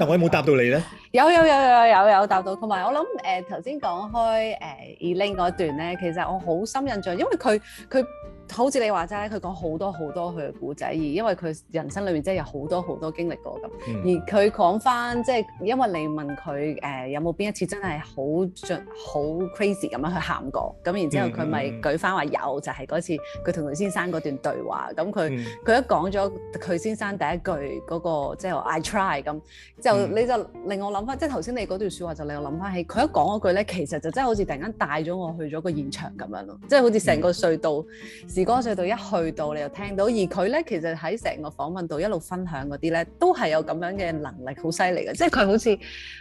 [SPEAKER 2] 但我有冇答到你咧？
[SPEAKER 1] 有有有有有有，答到，同埋我諗誒頭先講開誒 e 嗰段咧，其實我好深印象，因為佢佢。好似你話齋，佢講好多好多佢嘅故仔，而因為佢人生裏面真係有好多好多經歷過咁。嗯、而佢講翻即係，因為你問佢誒、呃、有冇邊一次真係好像好 crazy 咁樣去喊過？咁然之後佢咪舉翻話有，嗯、就係嗰次佢同佢先生嗰段對話。咁佢佢一講咗佢先生第一句嗰、嗰個即係 I try 咁，就你就令我諗翻，嗯、即係頭先你嗰段説話就令我諗翻起佢一講嗰句咧，其實就真係好似突然間帶咗我去咗個現場咁樣咯，即、就、係、係、好似成個隧道、嗯。時光隧道一去到，你又聽到。而佢咧，其實喺成個訪問度一路分享嗰啲咧，都係有咁樣嘅能力，好犀利嘅。即係佢好似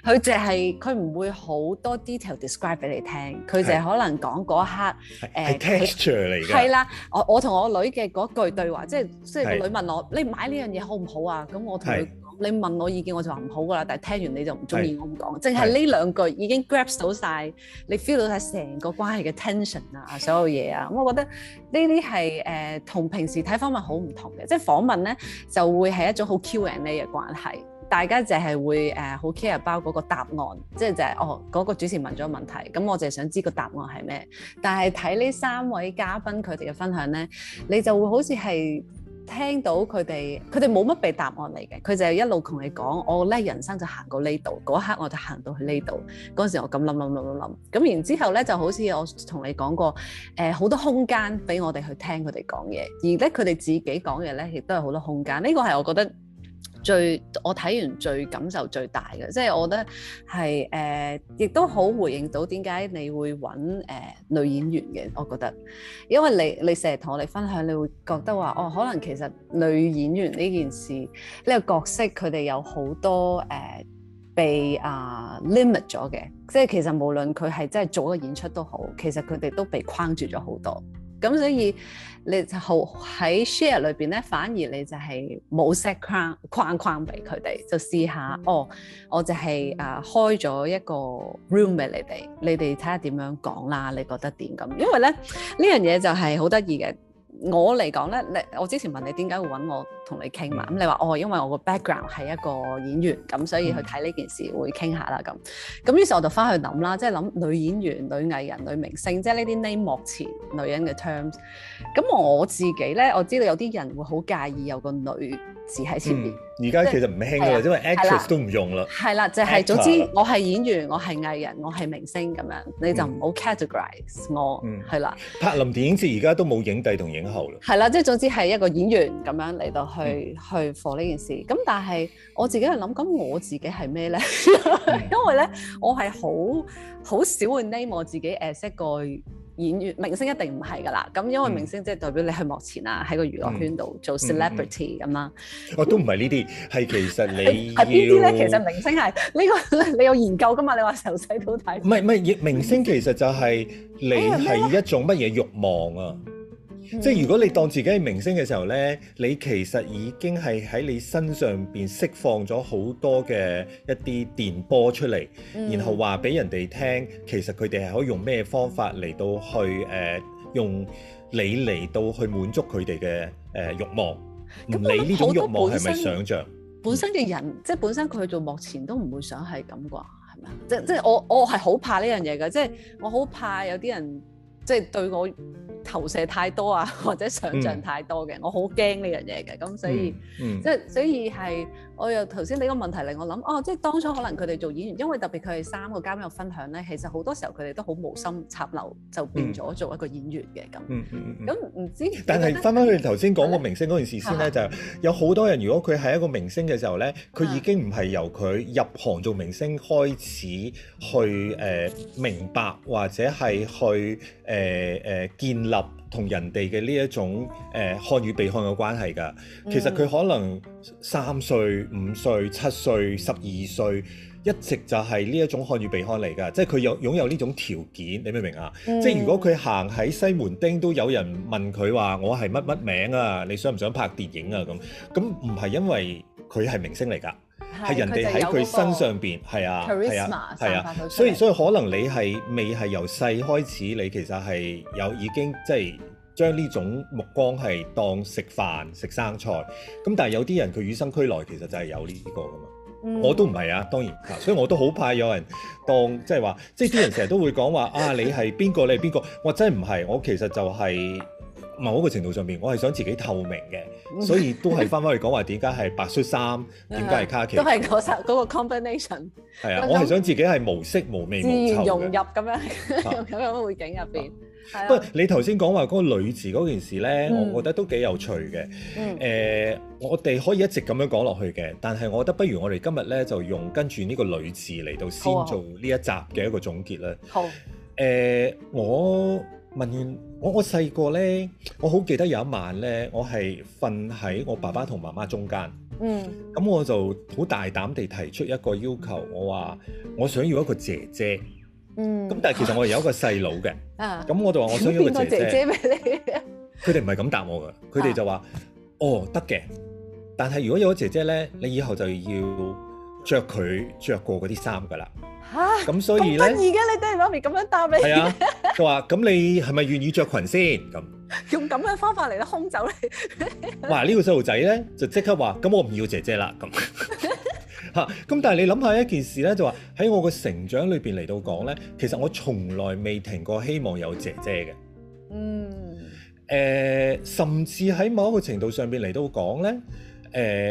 [SPEAKER 1] 佢淨係佢唔會好多 detail describe 俾你聽，佢淨係可能講嗰刻誒。係是、呃、texture 嚟嘅。係啦，我我同我女嘅嗰句對話，即係即係個女問我：是你買呢樣嘢好唔好啊？咁我同佢是。你問我意見我就話唔好㗎啦，但係聽完你就唔中意我咁講，淨係呢兩句已經 grab 到曬的，你 feel 到晒成個關係嘅 tension 啊，所有嘢啊，咁我覺得呢啲係誒同平時睇訪問好唔同嘅，即係訪問咧就會係一種好 Q and A 嘅關係，大家就係會誒好 care about 嗰個答案，即係就係、是、哦嗰、那個主持人問咗個問題，咁我就係想知個答案係咩，但係睇呢三位嘉賓佢哋嘅分享咧，你就會好似係。聽到佢哋，佢哋冇乜俾答案嚟嘅，佢就係一路同你講，我咧人生就行到呢度，嗰刻我就行到去呢度，嗰陣時我咁諗諗諗諗諗，咁、嗯嗯、然之後咧就好似我同你講過，誒、呃、好多空間俾我哋去聽佢哋講嘢，而咧佢哋自己講嘢咧亦都係好多空間，呢個係我覺得。最我睇完最感受最大嘅，即係我覺得係誒，亦、呃、都好回應到點解你會揾誒、呃、女演員嘅。我覺得，因為你你成日同我哋分享，你會覺得話哦，可能其實女演員呢件事呢、呢個角色，佢哋有好多誒被啊 limit 咗嘅。即係其實無論佢係真係做個演出都好，其實佢哋都被框住咗好多。咁所以你就好喺 share 裏邊咧，反而你就係冇 set 框框框俾佢哋，就試下哦，我就係啊開咗一個 room 俾你哋，你哋睇下點樣講啦，你覺得點咁？因為咧呢樣嘢就係好得意嘅。我嚟講咧，你我之前問你點解會揾我？同你傾嘛，咁你話哦，因為我個 background 係一個演員，咁所以去睇呢件事會傾下啦咁。咁於是我就翻去諗啦，即係諗女演員、女藝人、女明星，即係呢啲 name 幕前女人嘅 terms。咁我自己咧，我知道有啲人會好介意有個女字喺前面。而家其實唔興噶啦，因為 actress 都
[SPEAKER 2] 唔用啦。係啦，就係總之
[SPEAKER 1] 我係演員，我係藝人，我係明星咁樣，你就唔好 categorize 我。嗯，係啦。
[SPEAKER 2] 柏林電影節而家都冇影帝同影后啦。
[SPEAKER 1] 係啦，即係總之係一個演員咁樣嚟到去去 for 呢件事，咁但係我自己係諗緊，咁我自己係咩咧？因為咧，我係好好少會 name 我自己 as 一個演員，明星一定唔係噶啦。咁因為明星即係代表你喺幕前啊，喺個娛樂圈度做 celebrity 咁啦。
[SPEAKER 2] 我都唔係呢啲，係其實你要。係邊啲咧？其實
[SPEAKER 1] 明星係呢個你有研究噶嘛？你話由細到大。
[SPEAKER 2] 唔係唔係，明星其實就係你係一種乜嘢慾望啊？即係如果你當自己係明星嘅時候呢，你其實已經係喺你身上邊釋放咗好多嘅一啲電波出嚟，嗯、然後話俾人哋聽，其實佢哋係可以用咩方法嚟到去誒、呃、用你嚟到去滿足佢哋嘅誒慾望。你呢、嗯、種慾望係咪想像？
[SPEAKER 1] 本身嘅人，嗯、即係本身佢去做幕前都唔會想係咁啩，係咪即即係我我係好怕呢樣嘢嘅，即係我好怕，怕有啲人。即係對我投射太多啊，或者想像太多嘅，嗯、我好驚呢樣嘢嘅，咁所以、嗯嗯、即係所以係。我又頭先你個問題令我諗，哦，即係當初可能佢哋做演員，因為特別佢係三個嘉賓分享咧，其實好多時候佢哋都好無心插柳，就變咗做一個演員嘅咁、嗯。嗯咁唔、嗯、知，但係翻
[SPEAKER 2] 翻去頭先講個明星嗰件事的先咧，就有好多人，如果佢係一個明星嘅時候咧，佢已經唔係由佢入行做明星開始去誒、呃、明白或者係去誒誒、呃、建立。同人哋嘅呢一種誒看與被看嘅關係㗎，其實佢可能三歲、五歲、七歲、十二歲，一直就係呢一種看與被看嚟㗎，即係佢有擁有呢種條件，你明唔明啊？嗯、即係如果佢行喺西門町都有人問佢話：我係乜乜名啊？你想唔想拍電影啊？咁咁唔係因為佢係明星嚟㗎。係是人哋喺佢身上邊，係、那個、啊，係 Charisma 啊，係啊，所以所以可能你係未係由細開始，你其實係有已經即係將呢種目光係當食飯食生菜。咁但係有啲人佢與生俱來，其實就係有呢個噶嘛。嗯、我都唔係啊，當然，所以我都好怕有人當即係話，即係啲人成日都會講話 啊，你係邊個？你係邊個？我真係唔係，我其實就係、是。某個程度上邊，我係想自己透明嘅，所以都係翻返去講話點解係白恤衫，
[SPEAKER 1] 點解係卡其， 都係嗰、嗰個嗰個 combination。係啊，嗯、我係想
[SPEAKER 2] 自己係無色無味無臭，自然融
[SPEAKER 1] 入咁樣咁樣背景入邊。不過、啊，
[SPEAKER 2] 啊、你頭先講話嗰個女字嗰件事咧，嗯、我覺得都幾有趣嘅。誒、嗯呃，我哋可以一直咁樣講落去嘅，但係我覺得不如我哋今日咧就用跟住呢個女字嚟到先做呢一集嘅一個總結啦。好、哦。誒、嗯呃，我。問完我，我細個咧，我好記得有一晚咧，我係瞓喺我爸爸同媽媽中間。嗯，咁我就好大膽地提出一個要求，我話我想要一個姐姐。嗯，
[SPEAKER 1] 咁但係其實
[SPEAKER 2] 我係有一個細佬嘅。啊，咁我就話我想要個姐姐俾你。佢哋唔係咁答我㗎，佢哋就話：啊、哦，得嘅，但係如果有個姐姐咧，你以後就要着佢着過嗰啲衫㗎啦。咁、啊啊、所以咧，好得意
[SPEAKER 1] 嘅你爹哋媽咪咁樣答你。係啊，
[SPEAKER 2] 佢話：咁你係咪願意着裙先？咁
[SPEAKER 1] 用咁嘅方法嚟到哄走你。嗱
[SPEAKER 2] 這個、呢個細路仔咧就即刻話：咁、嗯、我唔要姐姐啦。咁嚇，咁、 啊、但係你諗下一件事咧，就話喺我嘅成長裏邊嚟到講咧，其實我從來未停過希望有姐姐嘅。嗯。誒、呃，甚至喺某一個程度上邊嚟到講咧，誒、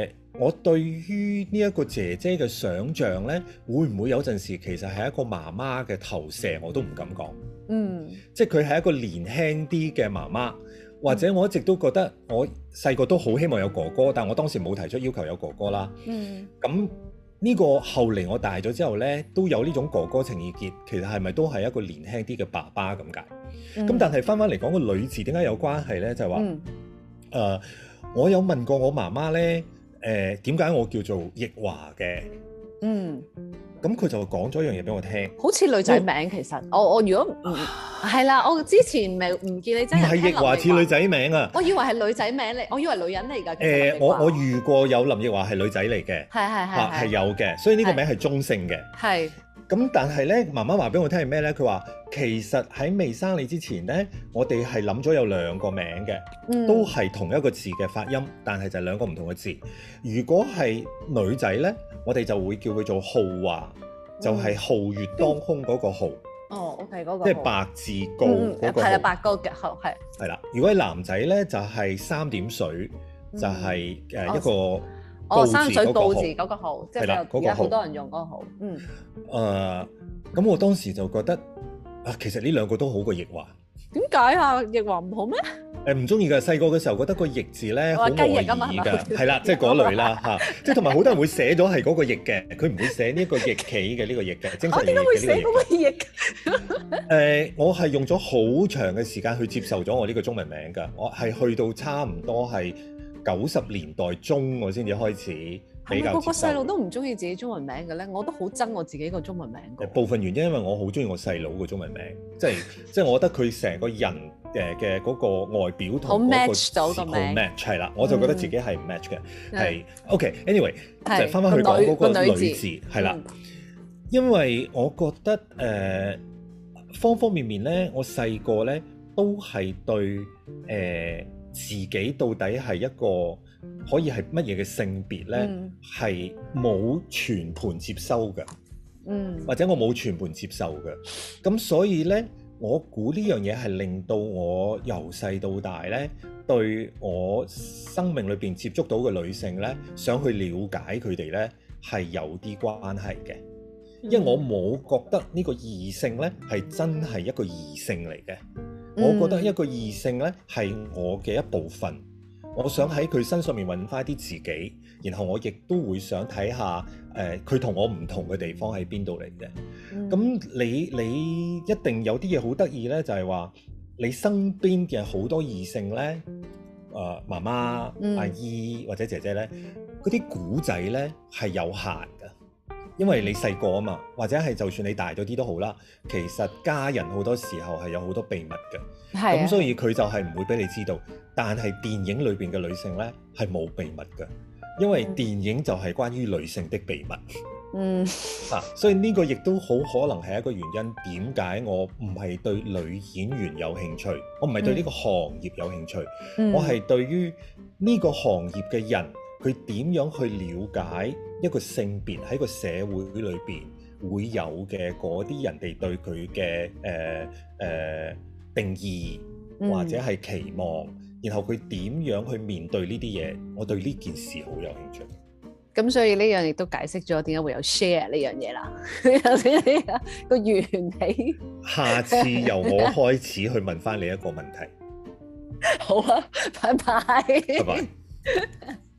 [SPEAKER 2] 呃。我對於呢一個姐姐嘅想像呢，會唔會有陣時其實係一個媽媽嘅投射？我都唔敢講。嗯，即係佢係一個年輕啲嘅媽媽，或者我一直都覺得我細個都好希望有哥哥，但我當時冇提出要求有哥哥啦。嗯，咁呢個後嚟我大咗之後呢，都有呢種哥哥情意結。其實係咪都係一個年輕啲嘅爸爸咁解？咁、嗯、但係翻返嚟講個女字點解有關係呢？就係、是、話，誒、嗯呃，我有問過我媽媽呢。誒，點解我叫做奕華嘅？
[SPEAKER 1] 嗯，
[SPEAKER 2] 咁佢就講咗一樣嘢俾我聽，好似女仔
[SPEAKER 1] 名我其實我，我我如果唔係啦，我之前咪唔見你，真係唔係奕華似
[SPEAKER 2] 女仔名啊我名？
[SPEAKER 1] 我以為係女仔名嚟，我以為女人嚟㗎。誒，我我
[SPEAKER 2] 遇過有林奕華係女仔嚟嘅，係係係係有嘅，所以呢個名係中性嘅。係。咁但係咧，媽媽話俾我聽係咩咧？佢話其實喺未生你之前咧，我哋係諗咗有兩個名嘅，嗯、都係同一個字嘅發音，但係就係兩個唔同嘅字。如果係女仔咧，我哋就會叫佢做皓華，嗯、就係皓月當空嗰個皓、
[SPEAKER 1] 哦。哦，OK，嗰個。即係白
[SPEAKER 2] 字高嗰個。係啦、嗯，白
[SPEAKER 1] 高嘅，係。
[SPEAKER 2] 係啦，如果係男仔咧，就係、係、三點水，
[SPEAKER 1] 嗯、就係誒一個。嗯哦，山水報字嗰個號，即係有好多
[SPEAKER 2] 人用嗰個號。那個、嗯。誒、呃，咁我當時就覺得啊，其實呢兩個都好過奕華。
[SPEAKER 1] 點解啊？奕華唔好咩？
[SPEAKER 2] 誒、呃，唔中意噶。細個嘅時候覺得個奕字咧好無意義㗎。係啦，即係嗰類啦吓，即係同埋好多人會寫咗係嗰個易嘅，佢唔會寫呢一個易企嘅呢、這個易嘅。正常我點解會寫嗰
[SPEAKER 1] 個易 、
[SPEAKER 2] 呃？我係用咗好長嘅時間去接受咗我呢個中文名㗎。我係去到差唔多係。九十年代中我先至開始比較接受。係咪個個細路
[SPEAKER 1] 都唔中意自己中文名嘅咧？我都好憎我自己個中,中文名。
[SPEAKER 2] 部分原因因為我好中意我細佬個中文名，即係即係我覺得佢成個人誒嘅嗰個外表同嗰個,個名 match 係啦，我就覺得自己係 match 嘅。係 OK，anyway，就翻翻去講嗰個,個女字係啦、嗯，因為我覺得誒、呃、方方面面咧，我細個咧都係對誒。呃自己到底係一個可以係乜嘢嘅性別呢？係冇全盤接收嘅，或者我冇全盤接受嘅。咁、嗯、所以呢，我估呢樣嘢係令到我由細到大呢，對我生命裏邊接觸到嘅女性呢，想去了解佢哋呢係有啲關係嘅，嗯、因為我冇覺得呢個異性呢係真係一個異性嚟嘅。我覺得一個異性呢係我嘅一部分，我想喺佢身上面揾翻啲自己，然後我亦都會想睇下誒佢、呃、同我唔同嘅地方喺邊度嚟嘅。咁你你一定有啲嘢好得意呢，就係、是、話你身邊嘅好多異性呢，誒媽媽阿姨或者姐姐呢，嗰啲古仔呢係有限。因為你細個啊嘛，或者係就算你大咗啲都好啦，其實家人好多時候係有好多秘密嘅，咁、啊、所以佢就係唔會俾你知道。但係電影裏邊嘅女性呢，係冇秘密嘅，因為電影就係關於女性的秘密。嗯，嚇、啊，所以呢個亦都好可能係一個原因，點解我唔係對女演員有興趣，我唔係對呢個行業有興趣，嗯、我係對於呢個行業嘅人佢點樣去了解。一個性別喺個社會裏邊會有嘅嗰啲人哋對佢嘅誒誒定義或者係期望，嗯、然後佢點樣去面對呢啲嘢？我對呢件事好有興趣。
[SPEAKER 1] 咁所以呢樣亦都解釋咗點解會有 share 呢樣嘢啦。首先呢個原理，
[SPEAKER 2] 下次由我開始去問翻你一個問題。
[SPEAKER 1] 好啊，拜拜。拜 拜。